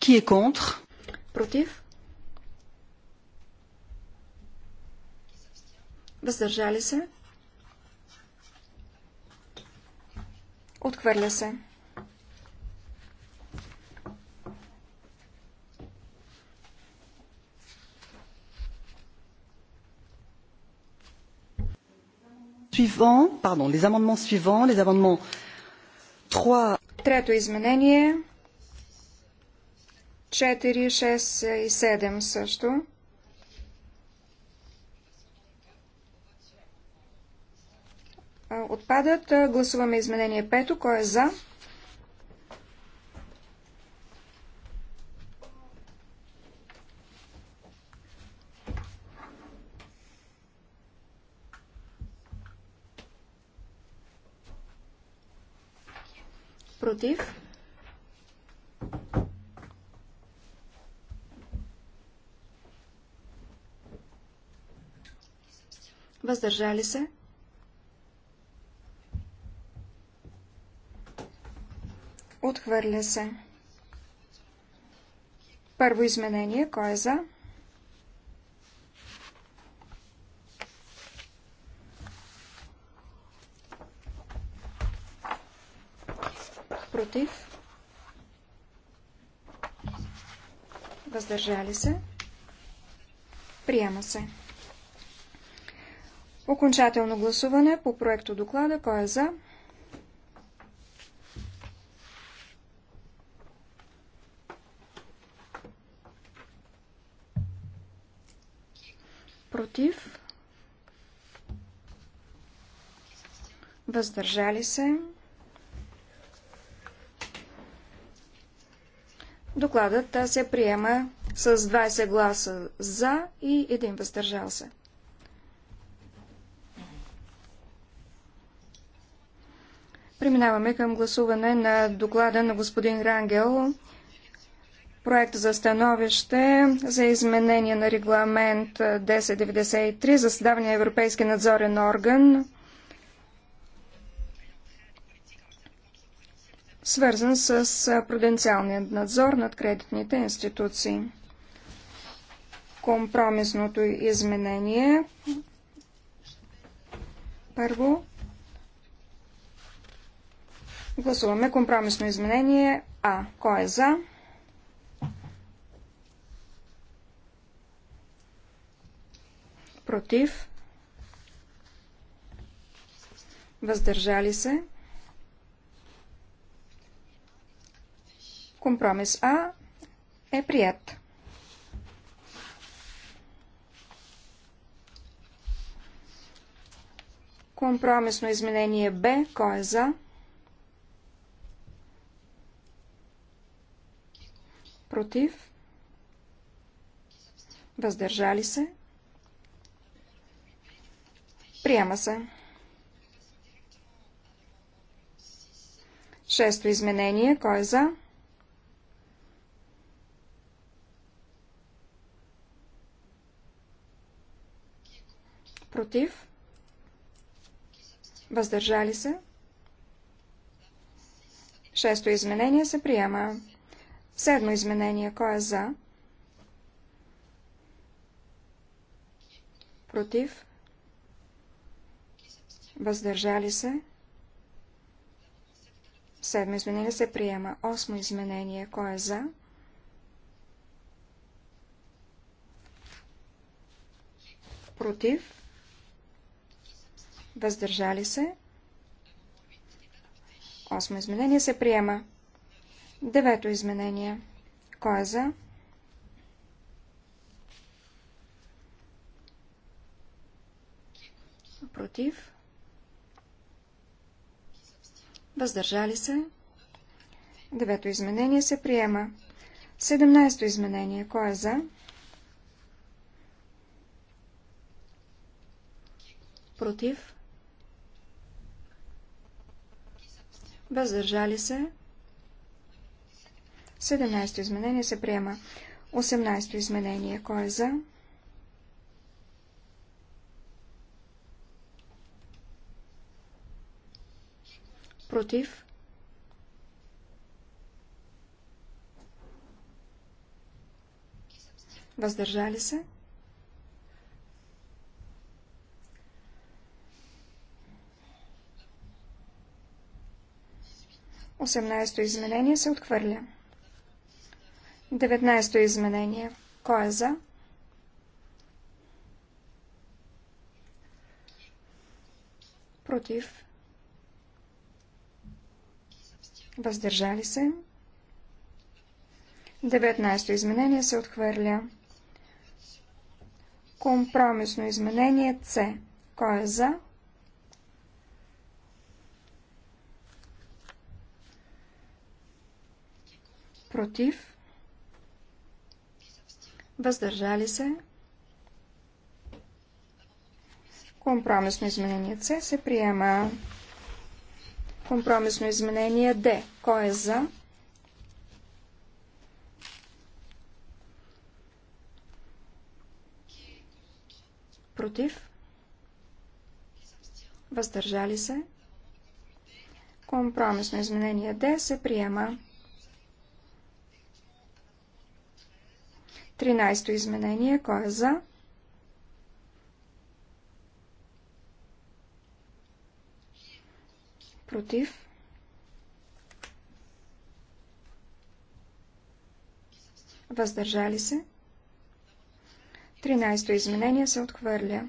Ки е контр? Против? Въздържали се? Отхвърля се. Suivant, pardon, les amendements suivants, les amendements 3. Трето изменение. 4, 6 и 7 също. отпадат. Гласуваме изменение 5. Кой е за? Против? Въздържали се? Отхвърля се. Първо изменение. Кой е за? Против. Въздържали се. Приема се. Окончателно гласуване по проекто доклада. Кой е за? против, въздържали се. Докладът се приема с 20 гласа за и един въздържал се. Преминаваме към гласуване на доклада на господин Рангел проект за становище за изменение на регламент 1093 за създаване на Европейски надзорен орган, свързан с пруденциалния надзор над кредитните институции. Компромисното изменение. Първо, гласуваме компромисно изменение А. Кой е за? против, въздържали се. Компромис А е прият. Компромисно изменение Б. Кой е за? Против? Въздържали се? Приема се. Шесто изменение. Кой е за? Против? Въздържали се? Шесто изменение се приема. Седмо изменение. Кой е за? Против? въздържали се. Седмо изменение се приема. Осмо изменение. Кой е за? Против. Въздържали се. Осмо изменение се приема. Девето изменение. Кой е за? Против въздържали се. Девето изменение се приема. Седемнайсто изменение. Кой е за? Против? Въздържали се. Седемнайсто изменение се приема. Осемнайсто изменение. Кой е за? Против? Против. Въздържали се. Осемнайсто изменение се отхвърля. Деветнайсто изменение. Кой е за? Против. въздържали се. 19-то изменение се отхвърля. Компромисно изменение С. Кой е за? Против. Въздържали се. Компромисно изменение С се приема. Компромисно изменение Д. Кой е за? Против? Въздържали се? Компромисно изменение Д се приема. 13-то изменение. Кой е за? Против. Въздържали се. 13-то изменение се отхвърля.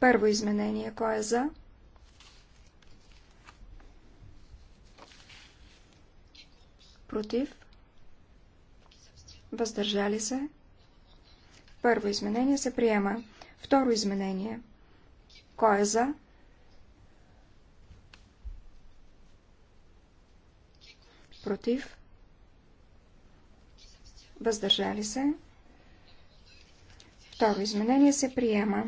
Първо изменение. Кой е за? Против. Въздържали се. Първо изменение се приема. Второ изменение. Кой е за? против, въздържали се. Второ изменение се приема.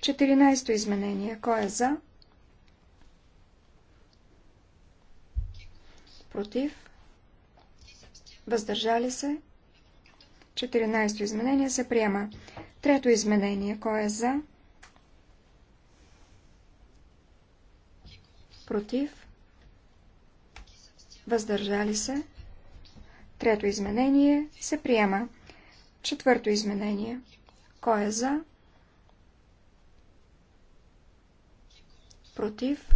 14 изменение. Кой е за? Против. Въздържали се. 14 изменение се приема. Трето изменение. Кой е за? Против въздържали се. Трето изменение се приема. Четвърто изменение. Кой е за? Против.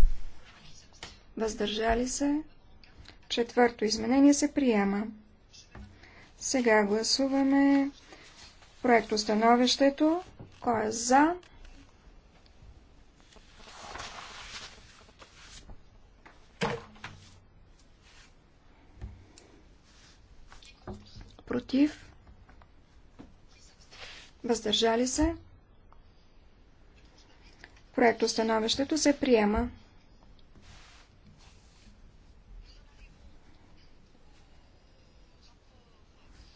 Въздържали се. Четвърто изменение се приема. Сега гласуваме установището. Кой е за? против, въздържали се. Проектостановището се приема.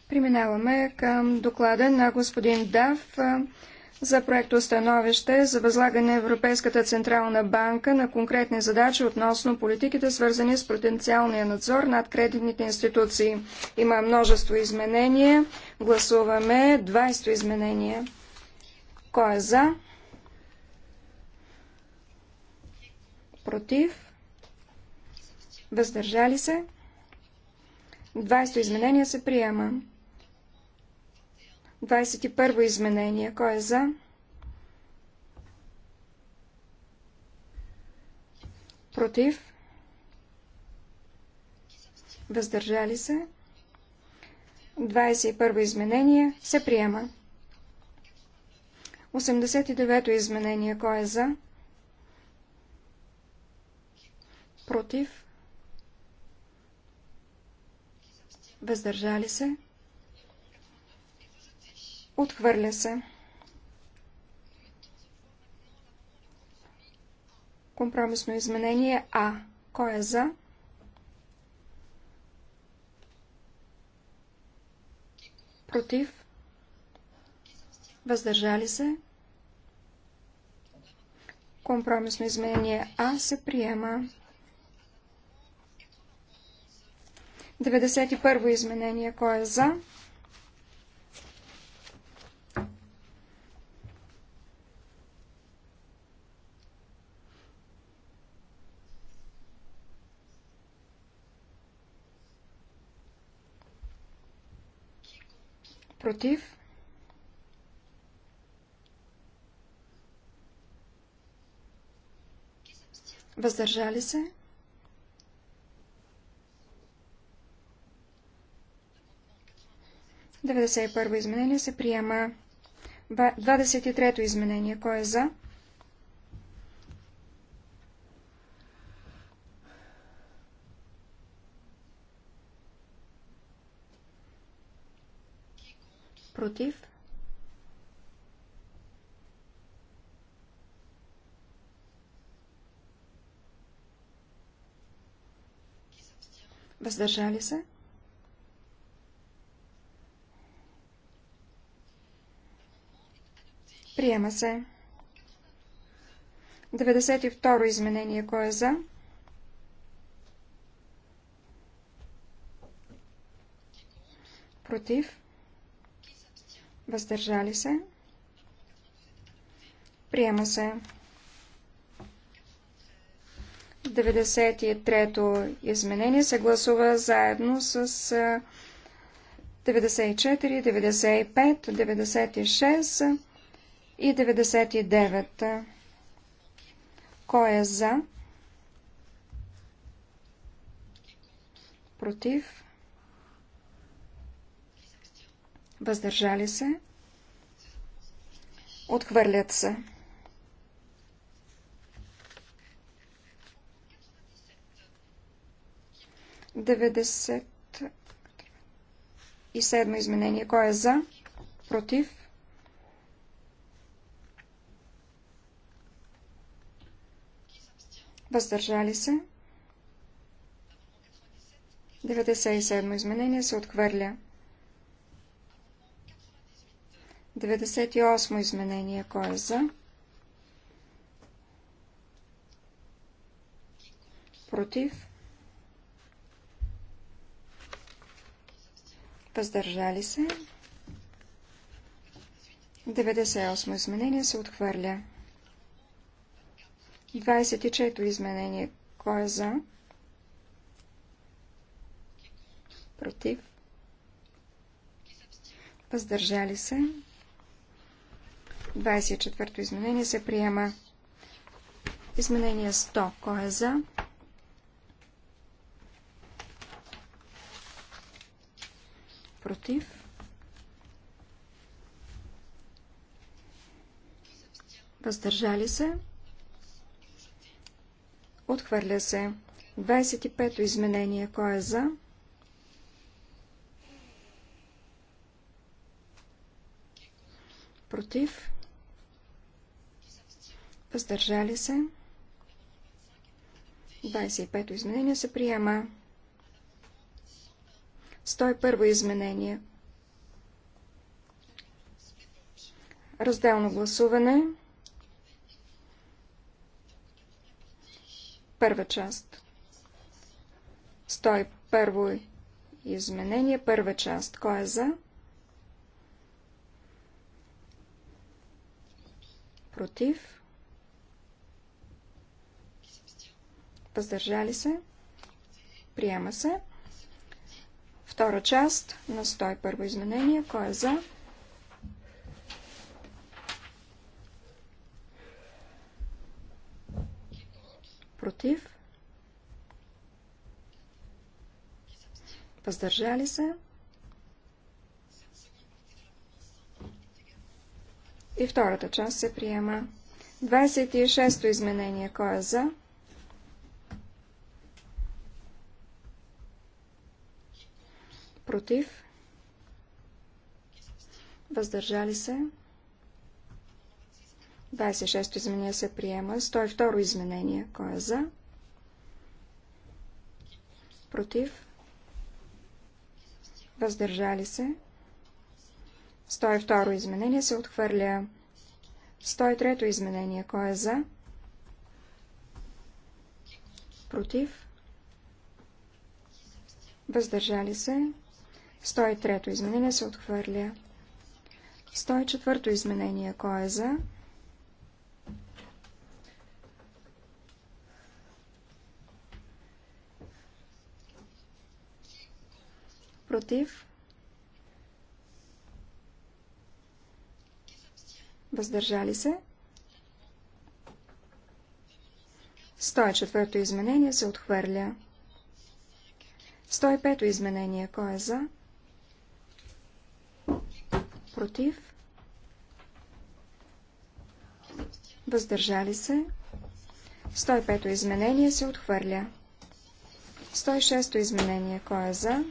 Преминаваме към доклада на господин Дав за проектостановище за възлагане на Европейската Централна банка на конкретни задачи относно политиките, свързани с потенциалния надзор над кредитните институции. Има множество изменения. Гласуваме 20 изменения. Кой е за? Против? Въздържали се? 20 изменения се приема. 21 изменение. Кой е за? Против? Въздържали се? 21 изменение се приема. 89-то изменение. Кой е за? Против? Въздържали се? Отхвърля се. Компромисно изменение А. Кой е за? Против? Въздържали се? Компромисно изменение А се приема. 91 изменение. Кой е за? Против. Въздържали се. Деветдесет първо изменение се приема. 23-то изменение. Кой е за? Против. Въздържали се? Приема се. 92 ро изменение. Кой е за? Против. Въздържали се. Приема се. 93-то изменение се гласува заедно с 94, 95, 96 и 99. Кой е за? Против? въздържали се, отхвърлят се. седмо изменение. Кой е за? Против? Въздържали се? 97 изменение се отхвърля. 98 изменение. Кой е за? Против? Въздържали се? 98 изменение се отхвърля. 24 изменение. Кой е за? Против? Въздържали се? 24-то изменение се приема. Изменение 100. Кой е за? Против? Въздържали се? Отхвърля се. 25-то изменение. Кой е за? Против? въздържали се. 25-то изменение се приема. 101-во изменение. Разделно гласуване. Първа част. 101-во изменение. Първа част. Кой е за? Против. въздържали се, приема се. Втора част на 101 изменение, кой е за, против, въздържали се. И втората част се приема. 26-то изменение. Кой е за? против, въздържали се. 26-то изменение се приема. 102-ро изменение. Кой е за? Против. Въздържали се. 102-ро изменение се отхвърля. 103-то изменение. Кой е за? Против. Въздържали се. 103-то изменение се отхвърля. 104-то изменение. Кой е за? Против? Въздържали се? 104-то изменение се отхвърля. 105-то изменение. Кой е за? против, въздържали се. 105-то изменение се отхвърля. 106-то изменение. Кой е за?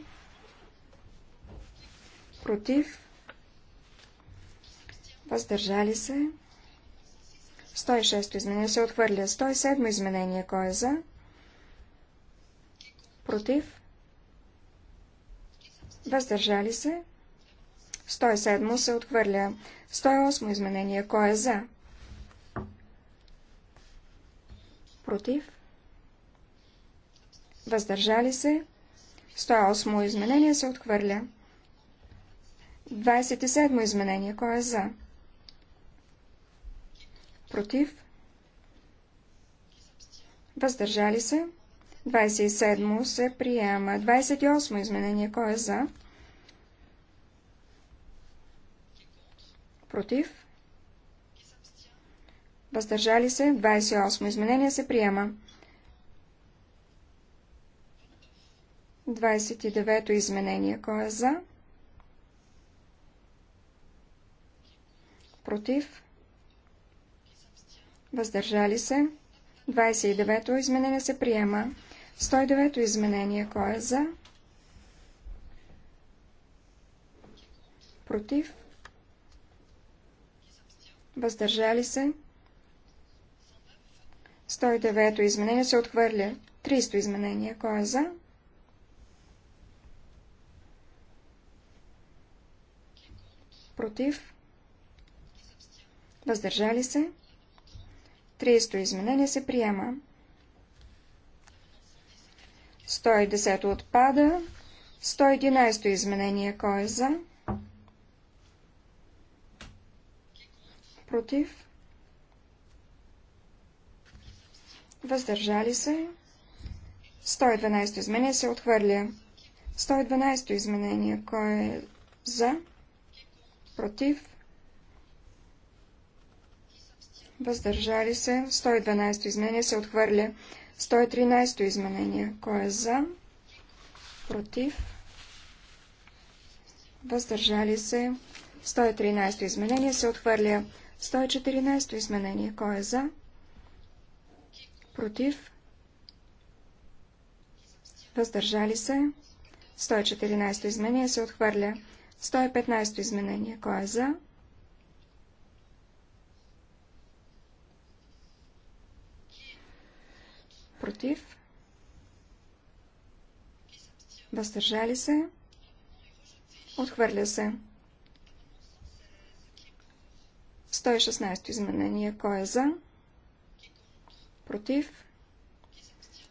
Против. Въздържали се. 106-то изменение се отхвърля. 107-то изменение. Кой е за? Против. Въздържали се. 107 се отхвърля. 108 изменение. Кой е за? Против? Въздържали се? 108 изменение се отхвърля. 27 изменение. Кой е за? Против? Въздържали се? 27 се приема. 28 изменение. Кой е за? Против? против, въздържали се, 28 изменение се приема. 29 изменение, кой е за, против, въздържали се, 29 изменение се приема. 109 изменение, кой е за, против, въздържали се. 109-то изменение се отхвърля. 300 изменение. Кой е за? Против. Въздържали се. 300 изменение се приема. 110 отпада. 111 изменение. Кой е за? против, въздържали се. 112 изменение се отхвърля. 112 изменение. Кой е за? Против? Въздържали се. 112 изменение се отхвърля. 113 изменение. Кой е за? Против? Въздържали се. 113 изменение се отхвърля. 114 изменение. Кой е за? Против? Въздържали се? 114 изменение се отхвърля. 115 изменение. Кой е за? Против? Въздържали се? Отхвърля се. 116 изменение. Кой е за? Против?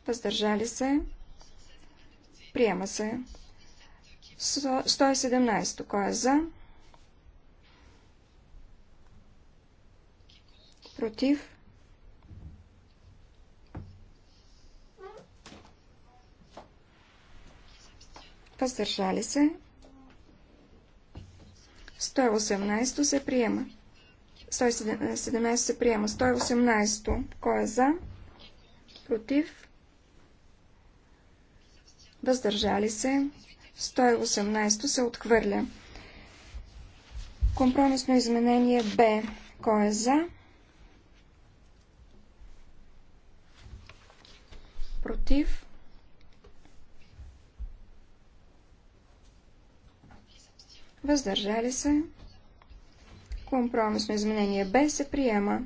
Въздържали се? Приема се. 117. Кой е за? Против? Въздържали се? 118 се приема. 117 се приема. 118. Кой е за? Против? Въздържали се. 118 се отхвърля. Компромисно изменение Б. Кой е за? Против? Въздържали се. Компромисно изменение Б се приема.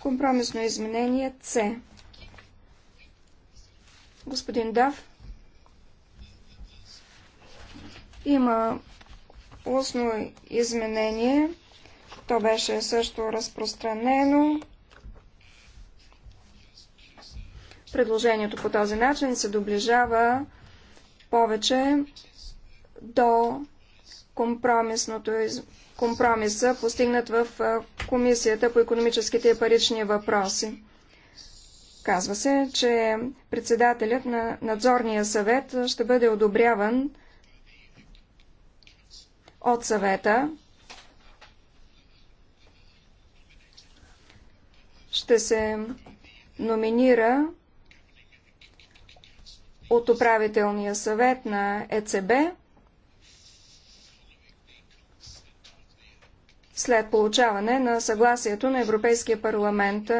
Компромисно изменение С. Господин Дав, има устно изменение. То беше също разпространено. Предложението по този начин се доближава повече до компромисното компромиса, постигнат в Комисията по економическите и парични въпроси. Казва се, че председателят на надзорния съвет ще бъде одобряван от съвета. Ще се номинира от управителния съвет на ЕЦБ. след получаване на съгласието на Европейския парламент,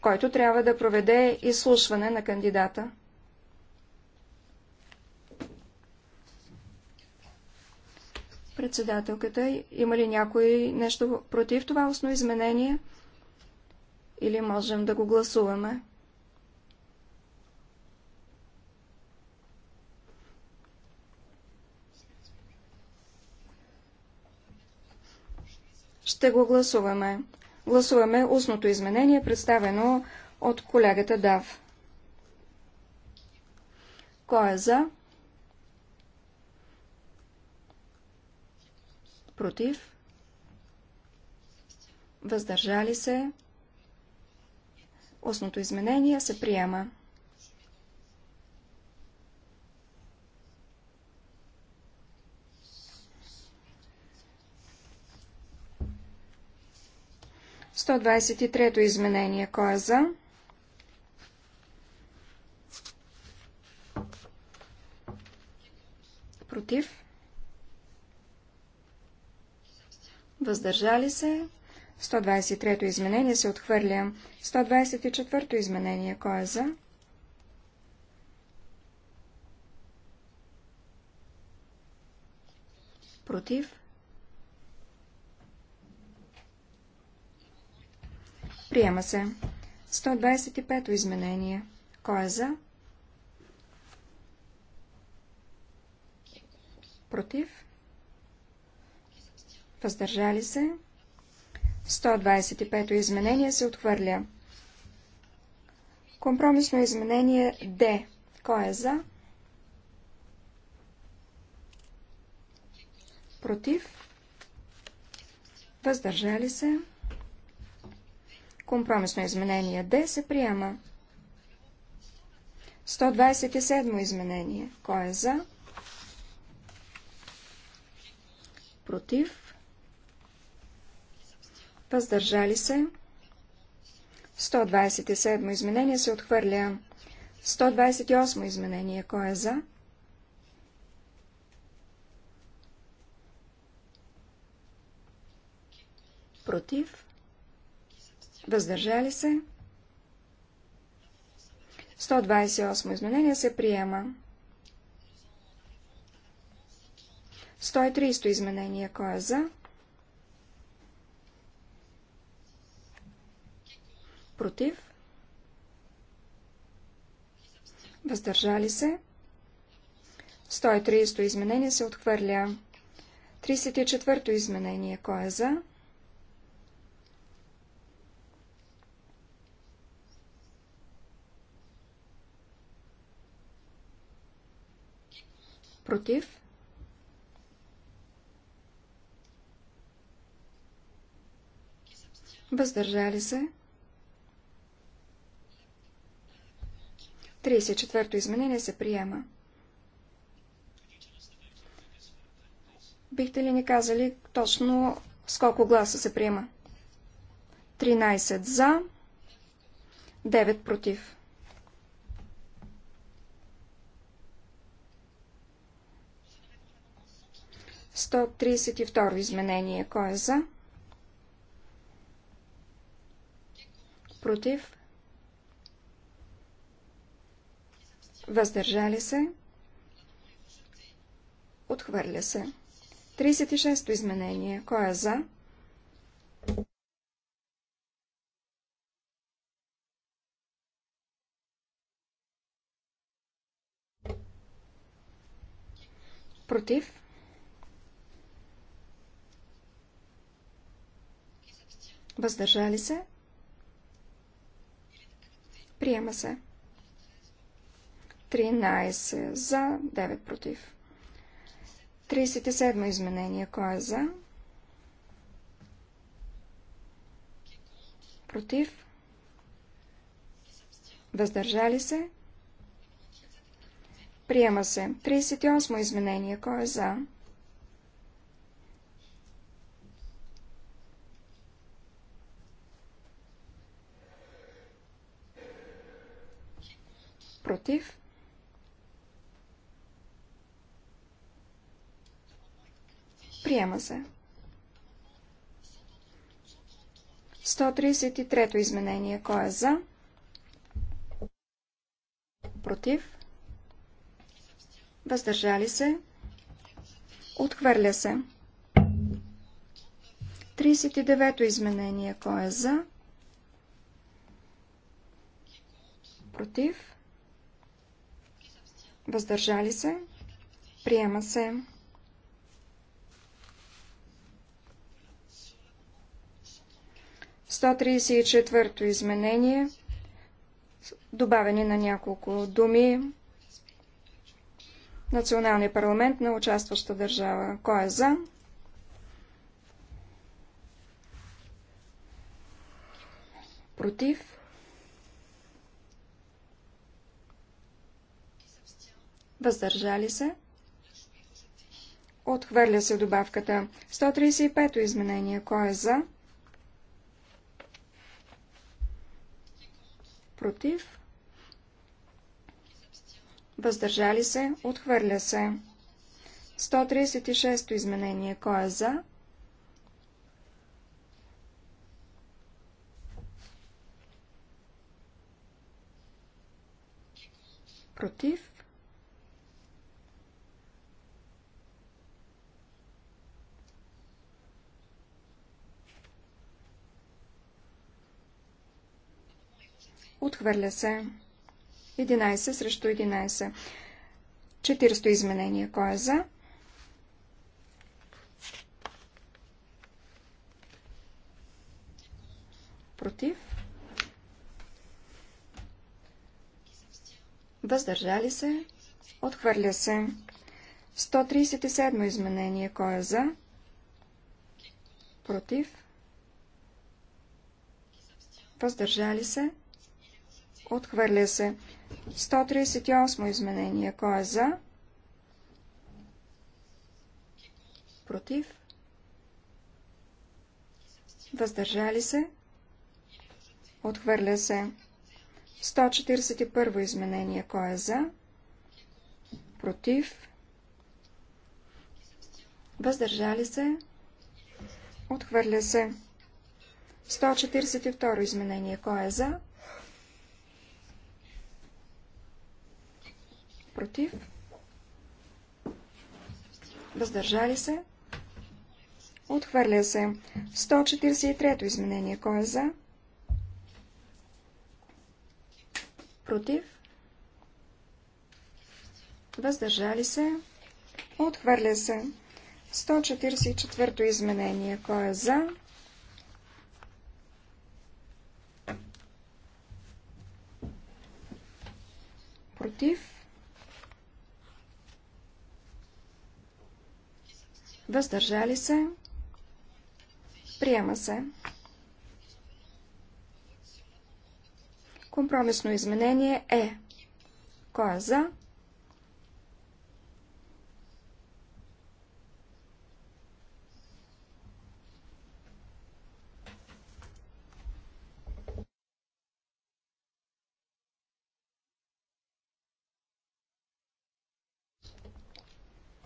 който трябва да проведе изслушване на кандидата. Председателката, има ли някой нещо против това устно изменение? Или можем да го гласуваме? Ще го гласуваме. Гласуваме устното изменение, представено от колегата Дав. Кой е за? Против? Въздържали се? Устното изменение се приема. 123-то изменение. Кой е за? Против? Въздържали се? 123-то изменение се отхвърля. 124-то изменение. Кой е за? Против? Приема се. 125-то изменение. Кой е за? Против? Въздържали се? 125-то изменение се отхвърля. Компромисно изменение Д. Кой е за? Против? Въздържали се? Компромисно изменение Д се приема. 127 изменение. Кой е за? Против? Въздържали се? 127 изменение се отхвърля. 128 изменение. Кой е за? Против? Въздържали се. 128 изменение се приема. 130 изменение. Кой е за? Против? Въздържали се? 130 изменение се отхвърля. 34 изменение. Кой е за? Против? Против. Въздържали се. 34-то изменение се приема. Бихте ли ни казали точно с колко гласа се приема? 13 за, 9 против. 132 изменение. Кой е за? Против? Въздържали се? Отхвърля се. 36-то изменение. Кой е за? Против? Въздържали се? Приема се. 13 за, 9 против. 37 изменение. Кой е за? Против? Въздържали се? Приема се. 38 изменение. Кой е за? Напротив, Приема се. 133-то изменение. Кой е за? Против? Въздържали се? Отхвърля се. 39-то изменение. Кой е за? Против? Въздържали се. Приема се. Сто четвърто изменение. Добавени на няколко думи. Националния парламент на участваща държава. Кой е за? Против? въздържали се, отхвърля се добавката. 135-то изменение, кой е за, против, въздържали се, отхвърля се. 136-то изменение, кой е за, против, Отхвърля се. 11 срещу 11. 400 изменение. Кой е за? Против? Въздържали се? Отхвърля се. 137 изменение. Кой е за? Против? Въздържали се? Отхвърля се. 138 изменение. Кой е за? Против? Въздържали се? Отхвърля се. 141 изменение. Кой е за? Против? Въздържали се? Отхвърля се. 142 изменение. Кой е за? против, въздържали се, отхвърля се. 143-то изменение, кой е за, против, въздържали се, отхвърля се. 144-то изменение, кой е за, против, въздържали се, приема се. Компромисно изменение е. Кой е за?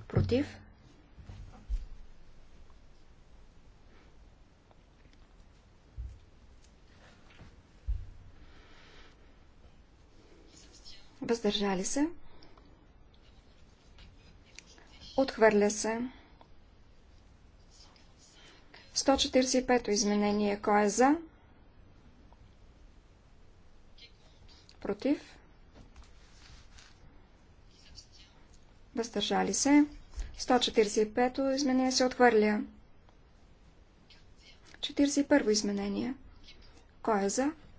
Против? въздържали се, отхвърля се. 145-то изменение, кой е за, против, въздържали се, 145-то изменение се отхвърля. 41-во изменение, кой е за, против,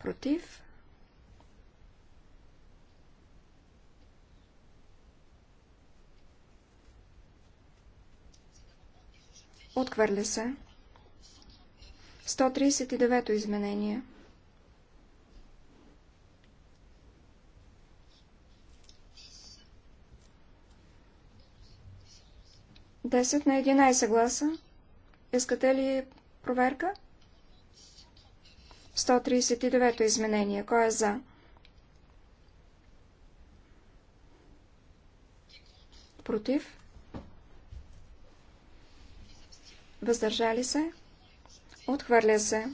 Против. Отхвърля се. 139 изменение. Десет на 11 гласа. Искате ли проверка? 139 изменение. Кой е за? Против? Въздържали се? Отхвърля се.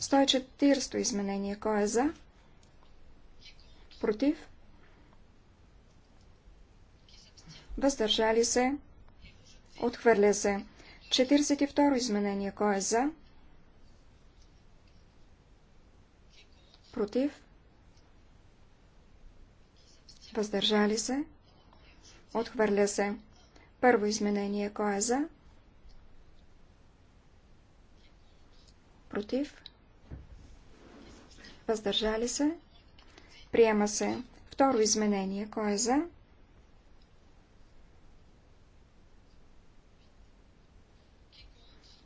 140 изменение. Кой е за? Против? Въздържали се? Отхвърля се. 42 изменение. Кой е за? Против? против, въздържали се, отхвърля се. Първо изменение, кой е за? Против, въздържали се, приема се. Второ изменение, кой е за?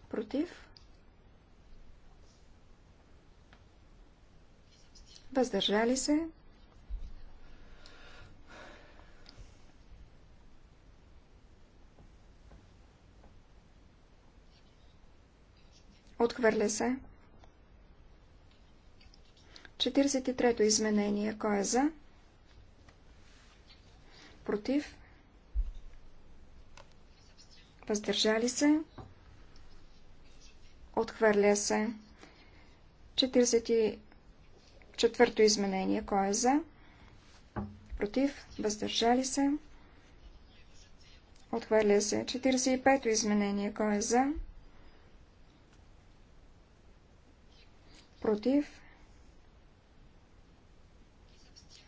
Против, въздържали се. Отхвърля се. 43-то изменение. Кой е за? Против? Въздържали се? Отхвърля се. Четвърто изменение. Кой е за? Против. Въздържали се. Отхвърля се. 45-то изменение. Кой е за? Против.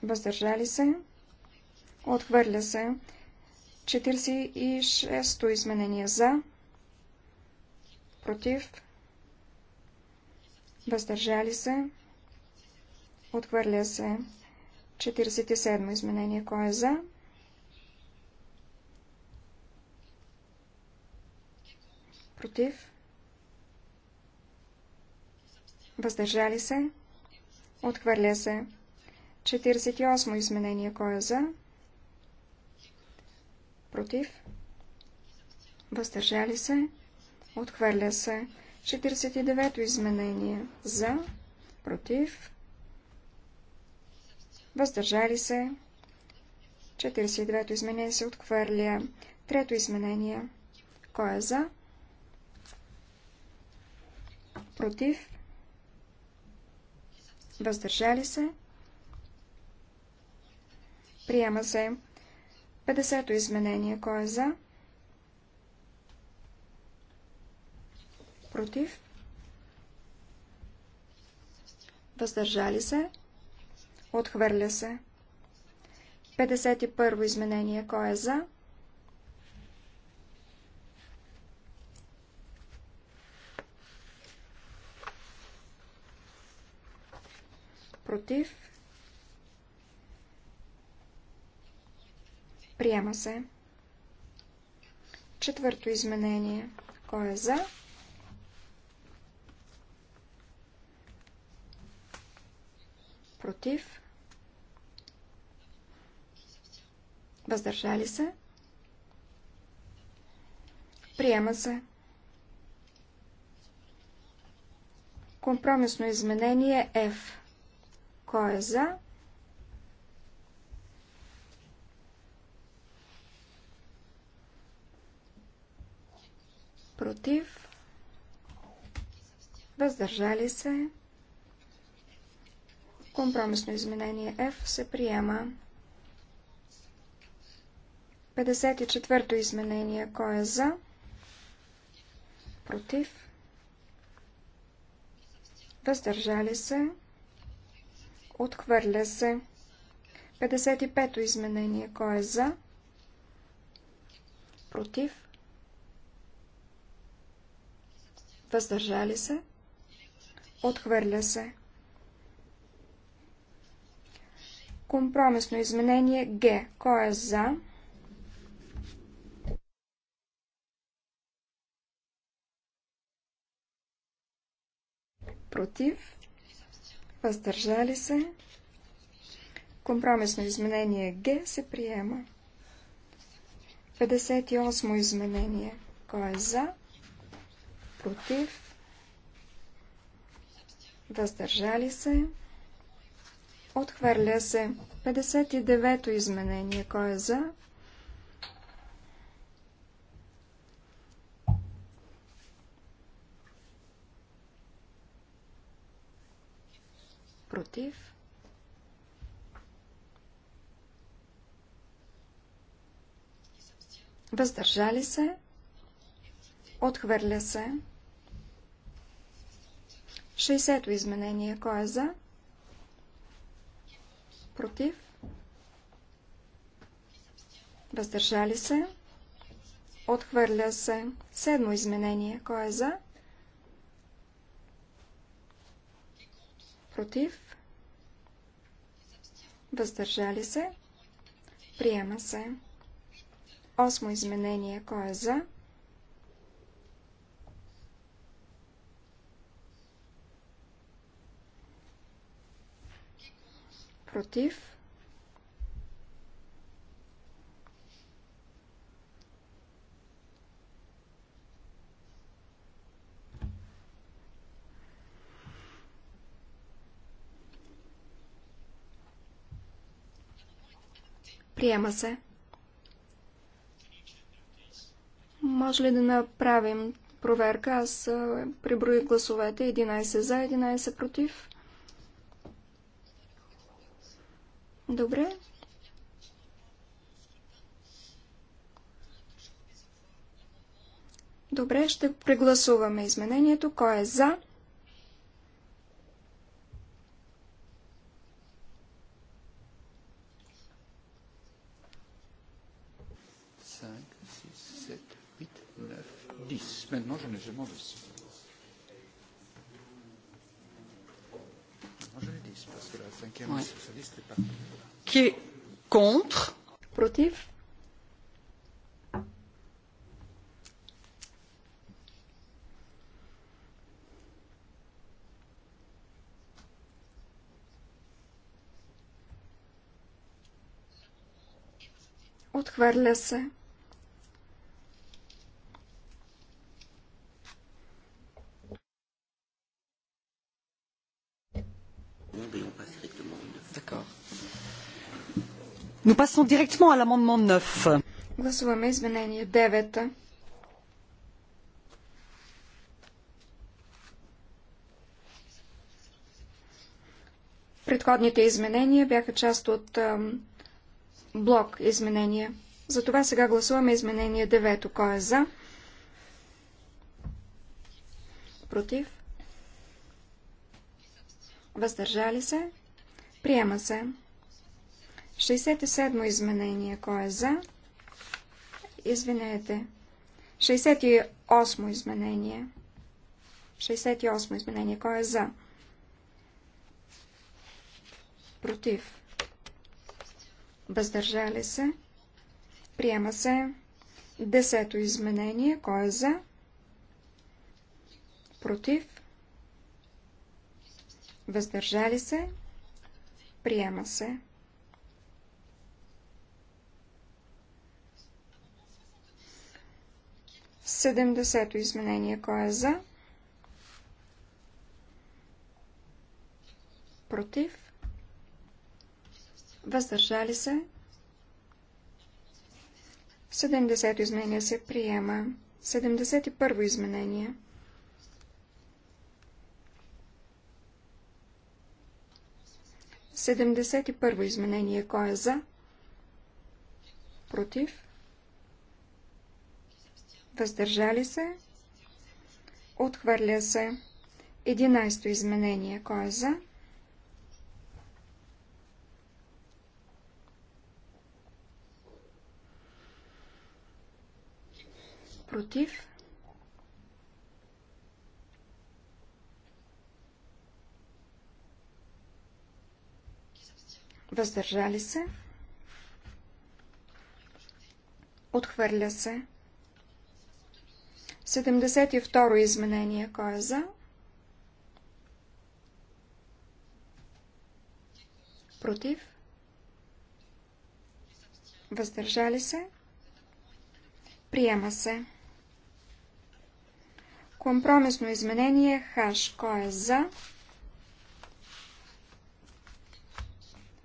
Въздържали се. Отхвърля се. 46-то изменение. За. Против. Въздържали се. Отхвърля се. 47 изменение. Кой е за? Против? Въздържали се? Отхвърля се. 48 изменение. Кой е за? Против? Въздържали се? Отхвърля се. 49 изменение. За? Против? въздържали се. 49-то изменение се отхвърля. Трето изменение. Кой е за? Против? Въздържали се? Приема се. 50-то изменение. Кой е за? Против? Въздържали се? Отхвърля се. 51 изменение. Кой е за? Против. Приема се. Четвърто изменение. Кой е за? Против. Въздържали се. Приема се. Компромисно изменение F. Кой е за? Против. Въздържали се. Компромисно изменение F се приема. 54-то изменение. Кой е за? Против? Въздържали се? Отхвърля се. 55-то изменение. Кой е за? Против? Въздържали се? Отхвърля се. Компромисно изменение Г. Кой е за? Против? против, въздържали се. Компромисно изменение Г се приема. 58 изменение. Кой е за? Против? Въздържали се? Отхвърля се. 59-то изменение. Кой е за? против. Въздържали се. Отхвърля се. 60-то изменение. Кой е за? Против. Въздържали се. Отхвърля се. Седмо изменение. Кой е за? Против. против, въздържали се, приема се. Осмо изменение, кой е за? Против, Приема се. Може ли да направим проверка? Аз приброи гласовете 11 за, 11 против. Добре. Добре, ще прегласуваме изменението. Кой е за? Maintenant, j'en ai seulement 10. Maintenant, Qui est contre Protif. Отхвърля се. Nous passons directement à l'amendement 9. Гласуваме изменение 9. Предходните изменения бяха част от ам, блок изменения. Затова сега гласуваме изменение 9. Кой е за? Против? Въздържали се? Приема се. 67 изменение. Кой е за? Извинете. 68 изменение. 68 изменение. Кой е за? Против. Въздържали се. Приема се. Десето изменение. Кой е за? Против. Въздържали се. Приема се. 70-то изменение. Кой е за? Против? Въздържали се? 70-то изменение се приема. 71-во изменение. Седемдесет и първо изменение. Кой е за? Против? въздържали се, отхвърля се. Единайсто изменение, кой е за? Против. Въздържали се. Отхвърля се. 72 изменение. Кой е за? Против? Въздържали се? Приема се. Компромисно изменение хаш. Кой е за?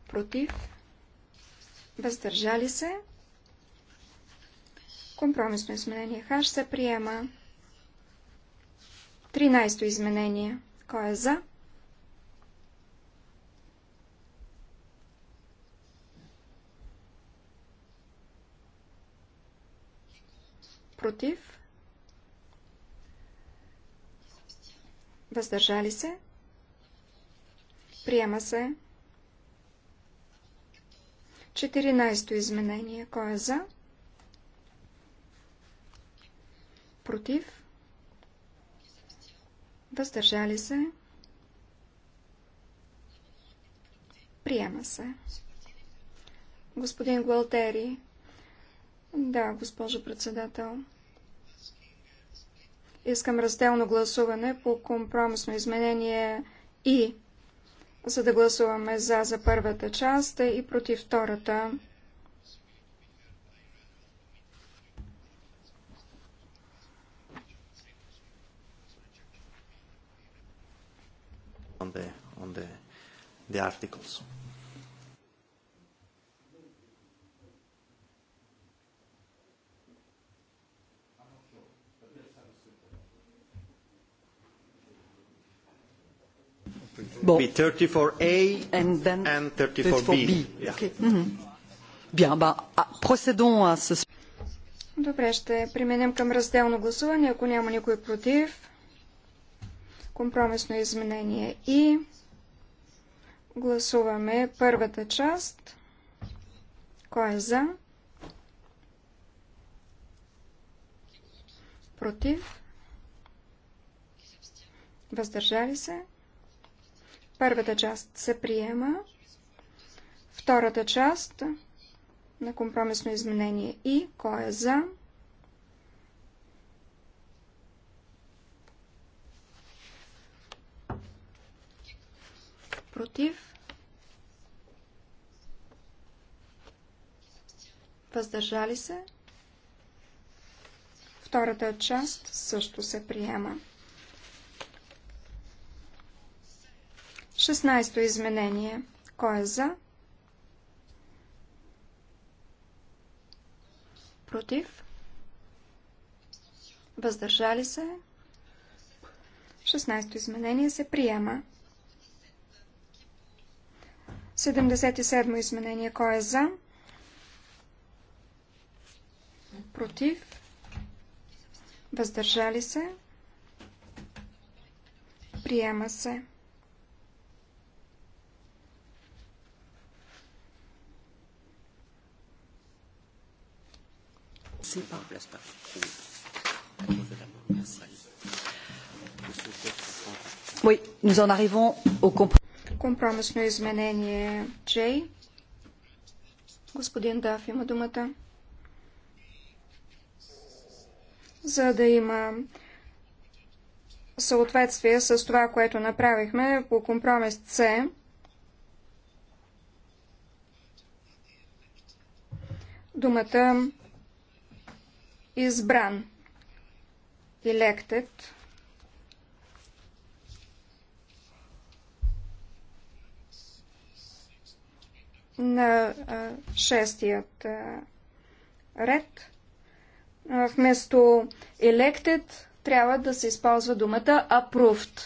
Против? Въздържали се? Компромисно изменение Х се приема. 13-то изменение. Кой е за? Против? Въздържали се? Приема се. 14-то изменение. Кой е за? против, въздържали се, приема се. Господин Гуалтери, да, госпожо председател. Искам разделно гласуване по компромисно изменение и, за да гласуваме за за първата част и против втората. the articles. Bon. 34A and, then and 34B. 34B. Okay. Mm-hmm. Bien, bah, ah, procédons à ce... Добре, ще преминем към разделно гласуване, ако няма никой против. Компромисно изменение и Гласуваме първата част. Кой е за? Против? Въздържали се? Първата част се приема. Втората част на компромисно изменение и кой е за? против, въздържали се. Втората част също се приема. 16-то изменение. Кой е за? Против? Въздържали се? 16-то изменение се приема. 77 изменение. Кой е за? Против? Въздържали се? Приема се. Oui, nous en arrivons au compromis. Компромисно изменение J. Господин Даф, има думата. За да има съответствие с това, което направихме по компромис С, думата избран, elected, на шестият ред. Вместо elected трябва да се използва думата approved.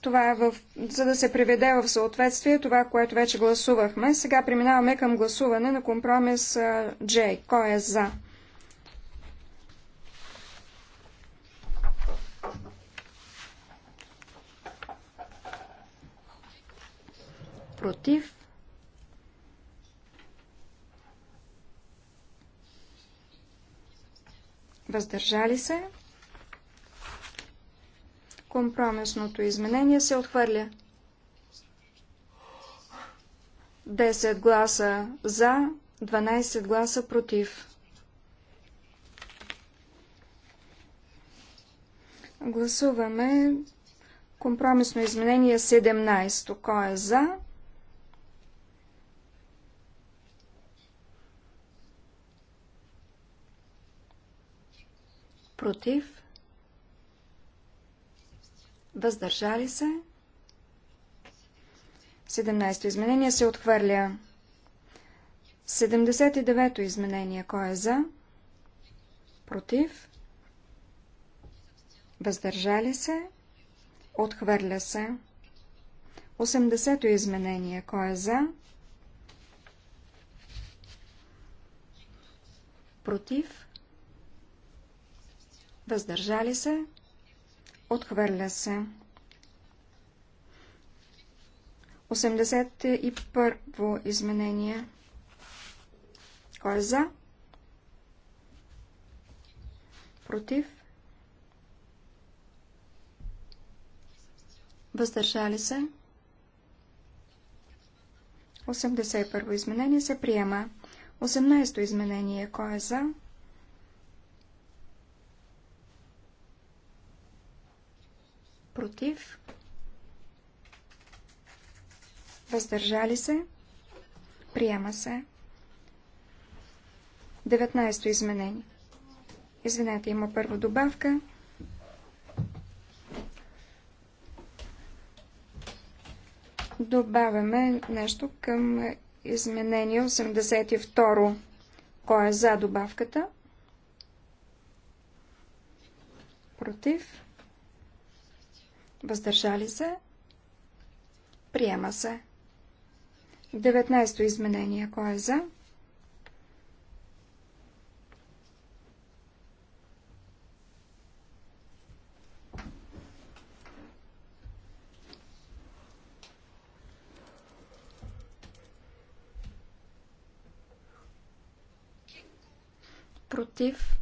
Това е в... за да се приведе в съответствие това, което вече гласувахме. Сега преминаваме към гласуване на компромис J. Кой е за? против, въздържали се. Компромисното изменение се отхвърля. 10 гласа за, 12 гласа против. Гласуваме компромисно изменение 17. Кой е за? против, въздържали се. 17-то изменение се отхвърля. 79-то изменение. Кой е за? Против. Въздържали се. Отхвърля се. 80-то изменение. Кой е за? Против въздържали се, отхвърля се. 81 во изменение. Кой е за? Против? Въздържали се? 81 во изменение се приема. 18 то изменение. Кой е за? против, въздържали се, приема се. 19-то изменение. Извинете, има първо добавка. Добавяме нещо към изменение 82. Кой е за добавката? Против? Въздържали се? Приема се. 19 изменение. Кой е за? Против.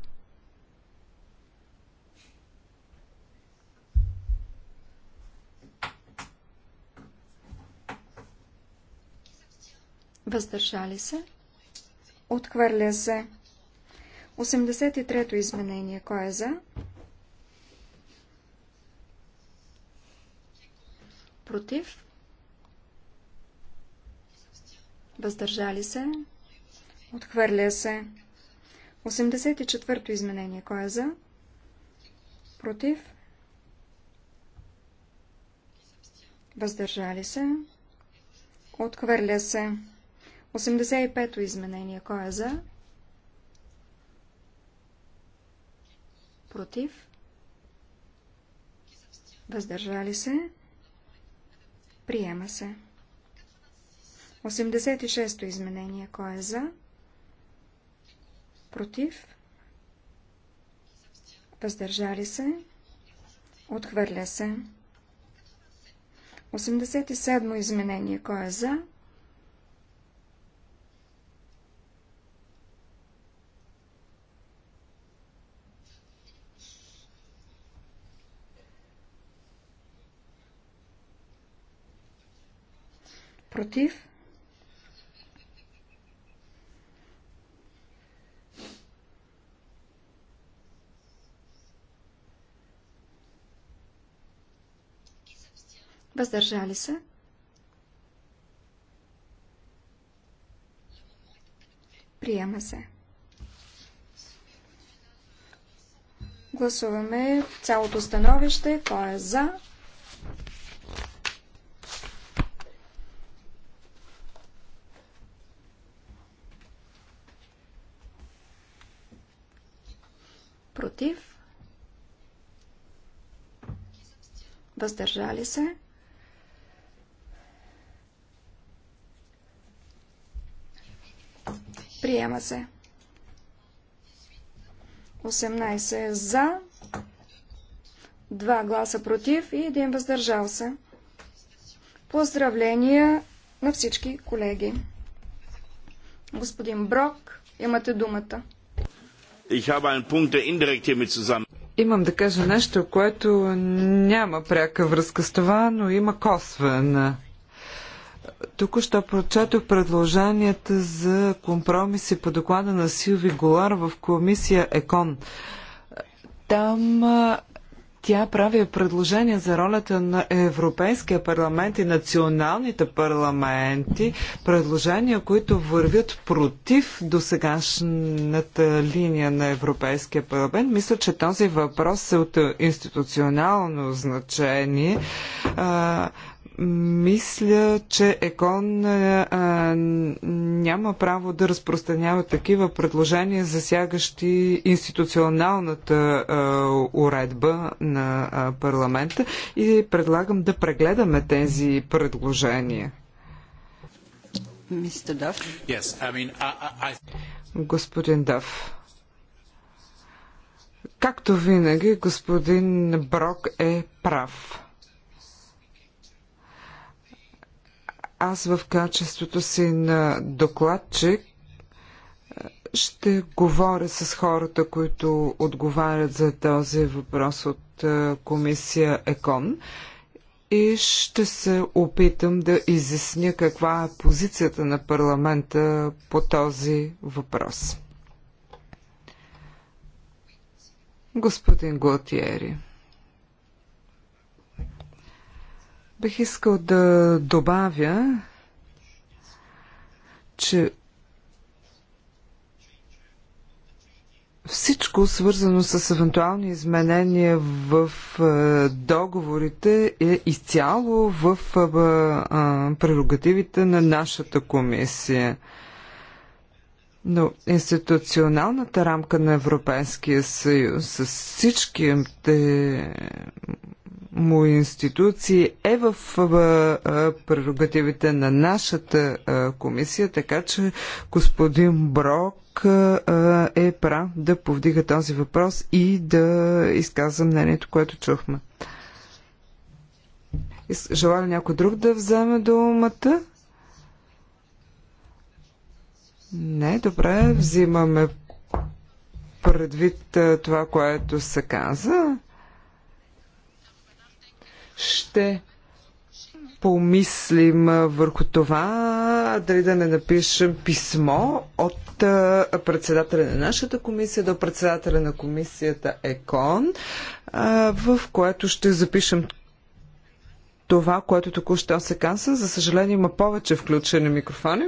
въздържали се, отхвърля се. 83-то изменение, кой е за? Против? Въздържали се? Отхвърля се. 84-то изменение, кой е за? Против? Въздържали се? Отхвърля се. 85-то изменение. Кой е за? Против? Въздържали се? Приема се. 86-то изменение. Кой е за? Против? Въздържали се? Отхвърля се. 87 то изменение. Кой е за? Против? Против. Въздържали се. Приема се. Гласуваме цялото становище. Кой е за? против, въздържали се. Приема се. 18 за, 2 гласа против и 1 въздържал се. Поздравления на всички колеги! Господин Брок, имате думата. Имам да кажа нещо, което няма пряка връзка с това, но има косвена. Току-що прочетох предложенията за компромиси по доклада на Силви Голар в комисия ЕКОН. Там тя прави предложение за ролята на Европейския парламент и националните парламенти, предложения, които вървят против досегашната линия на Европейския парламент. Мисля, че този въпрос е от институционално значение. Мисля, че ЕКОН е, а, няма право да разпространява такива предложения, засягащи институционалната а, уредба на а, парламента и предлагам да прегледаме тези предложения. Господин Дав. Както винаги, господин Брок е прав. аз в качеството си на докладчик е, ще говоря с хората, които отговарят за този въпрос от е, комисия ЕКОН и ще се опитам да изясня каква е позицията на парламента по този въпрос. Господин Глотиери. Бих искал да добавя, че всичко свързано с евентуални изменения в е, договорите е изцяло в е, е, прерогативите на нашата комисия. Но институционалната рамка на Европейския съюз с всичките му институции е в прерогативите на нашата комисия, така че господин Брок е прав да повдига този въпрос и да изказва мнението, което чухме. Желая ли някой друг да вземе думата? Не, добре, взимаме предвид това, което се каза ще помислим върху това, дали да не напишем писмо от председателя на нашата комисия до председателя на комисията ЕКОН, в което ще запишем това, което току-що се каза. За съжаление има повече включени микрофони.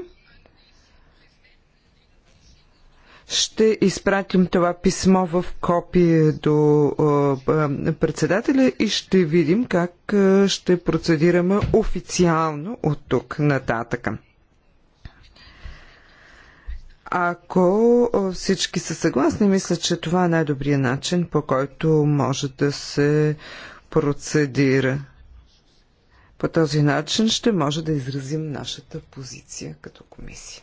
Ще изпратим това писмо в копие до председателя и ще видим как ще процедираме официално от тук нататъка. Ако всички са съгласни, мисля, че това е най-добрият начин, по който може да се процедира. По този начин ще може да изразим нашата позиция като комисия.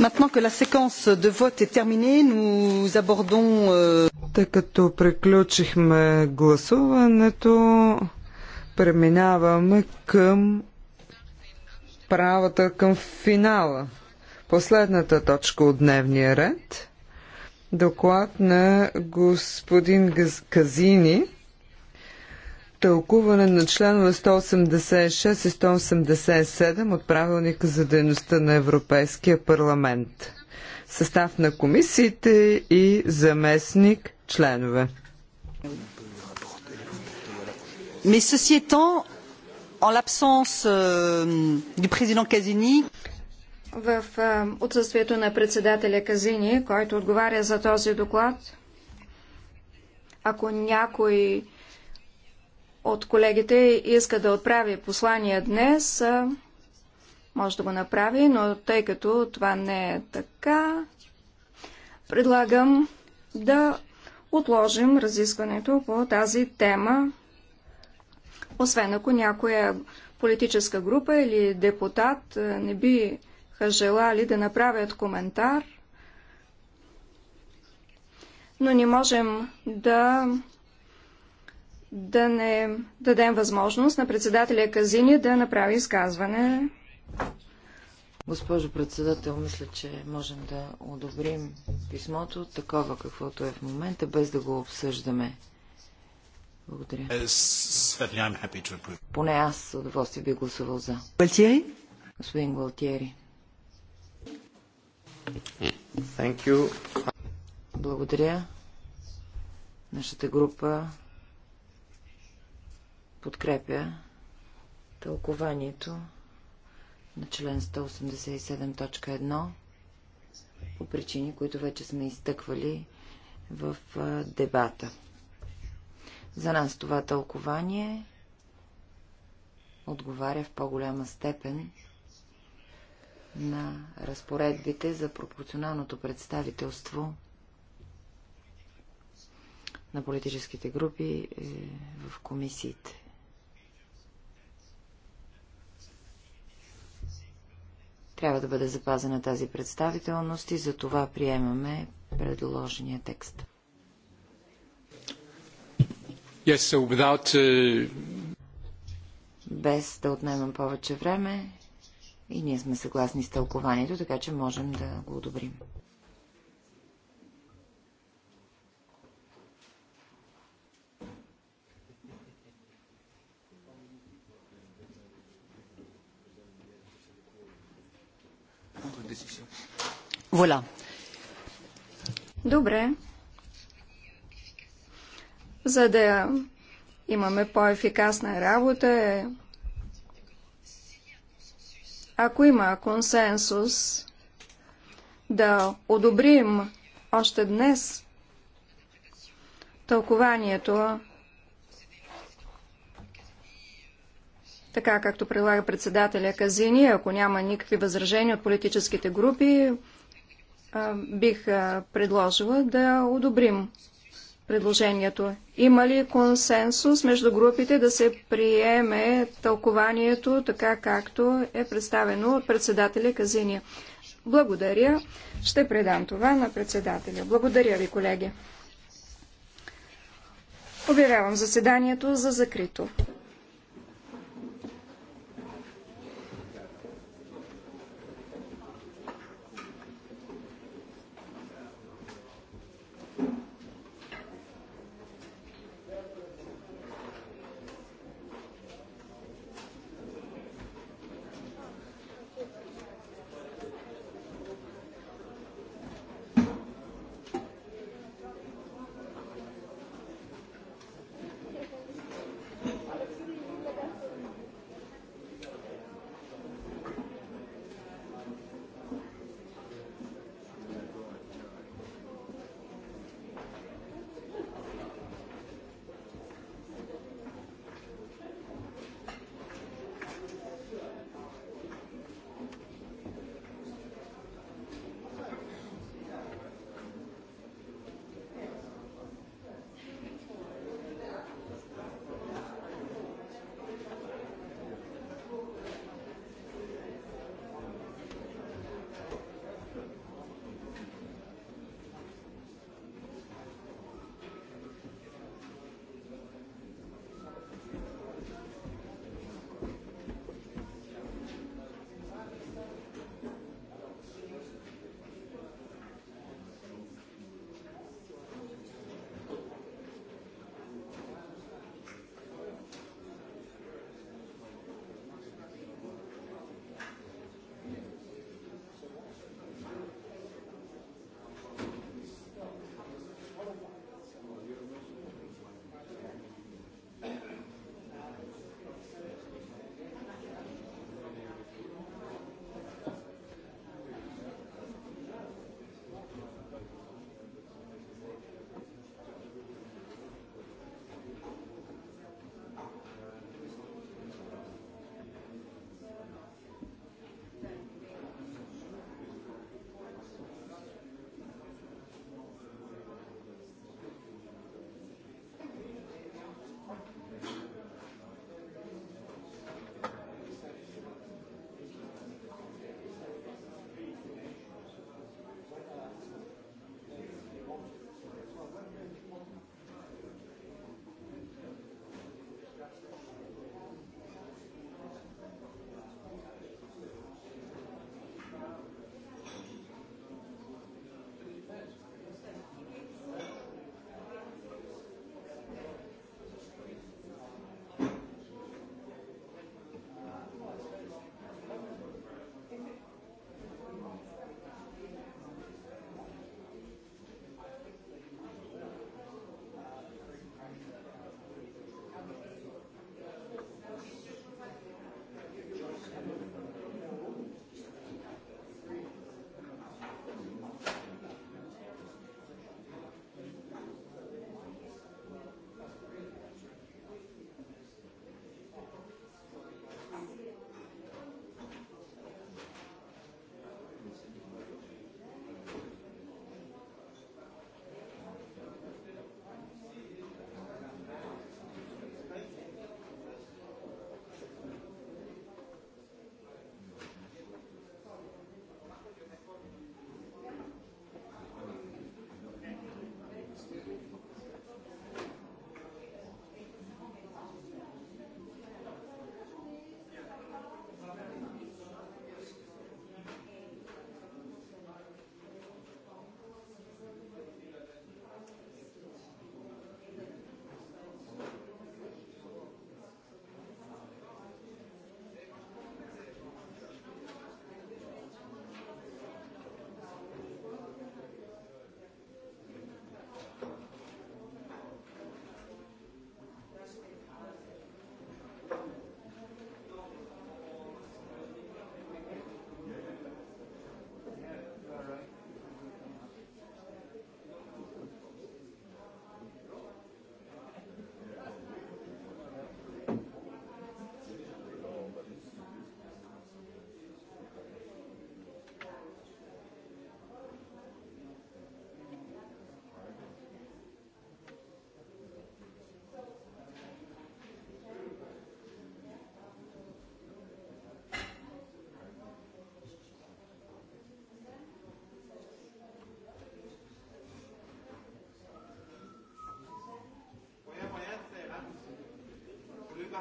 Maintenant que la séquence de vote est terminée, nous abordons... Euh, Тъй като приключихме гласуването, преминаваме към правата към финала. Последната точка от дневния ред. Доклад на господин Газ... Казини тълкуване на членове 186 и 187 от правилника за дейността на Европейския парламент. Състав на комисиите и заместник членове. Mais ceci étant, en l'absence euh, du président в отсъствието на председателя Казини, който отговаря за този доклад, ако някой от колегите иска да отправи послание днес, може да го направи, но тъй като това не е така, предлагам да отложим разискването по тази тема, освен ако някоя политическа група или депутат не биха желали да направят коментар, но не можем да да не дадем възможност на председателя Казини да направи изказване. Госпожо председател, мисля, че можем да одобрим писмото такова, каквото е в момента, без да го обсъждаме. Благодаря. Е, Поне аз с удоволствие би гласувал за. Галтиери? Господин Галтиери. Благодаря. Нашата група подкрепя тълкованието на член 187.1 по причини, които вече сме изтъквали в дебата. За нас това тълкование отговаря в по-голяма степен на разпоредбите за пропорционалното представителство на политическите групи е, в комисиите. Трябва да бъде запазена тази представителност и за това приемаме предложения текст. Yes, so without, uh... Без да отнемам повече време и ние сме съгласни с тълкованието, така че можем да го одобрим. Voilà. Добре. За да имаме по-ефикасна работа, е, ако има консенсус, да одобрим още днес тълкованието така както прилага председателя Казини, ако няма никакви възражения от политическите групи, бих предложила да одобрим предложението. Има ли консенсус между групите да се приеме тълкованието така както е представено от председателя Казиния? Благодаря. Ще предам това на председателя. Благодаря ви, колеги. Обявявам заседанието за закрито.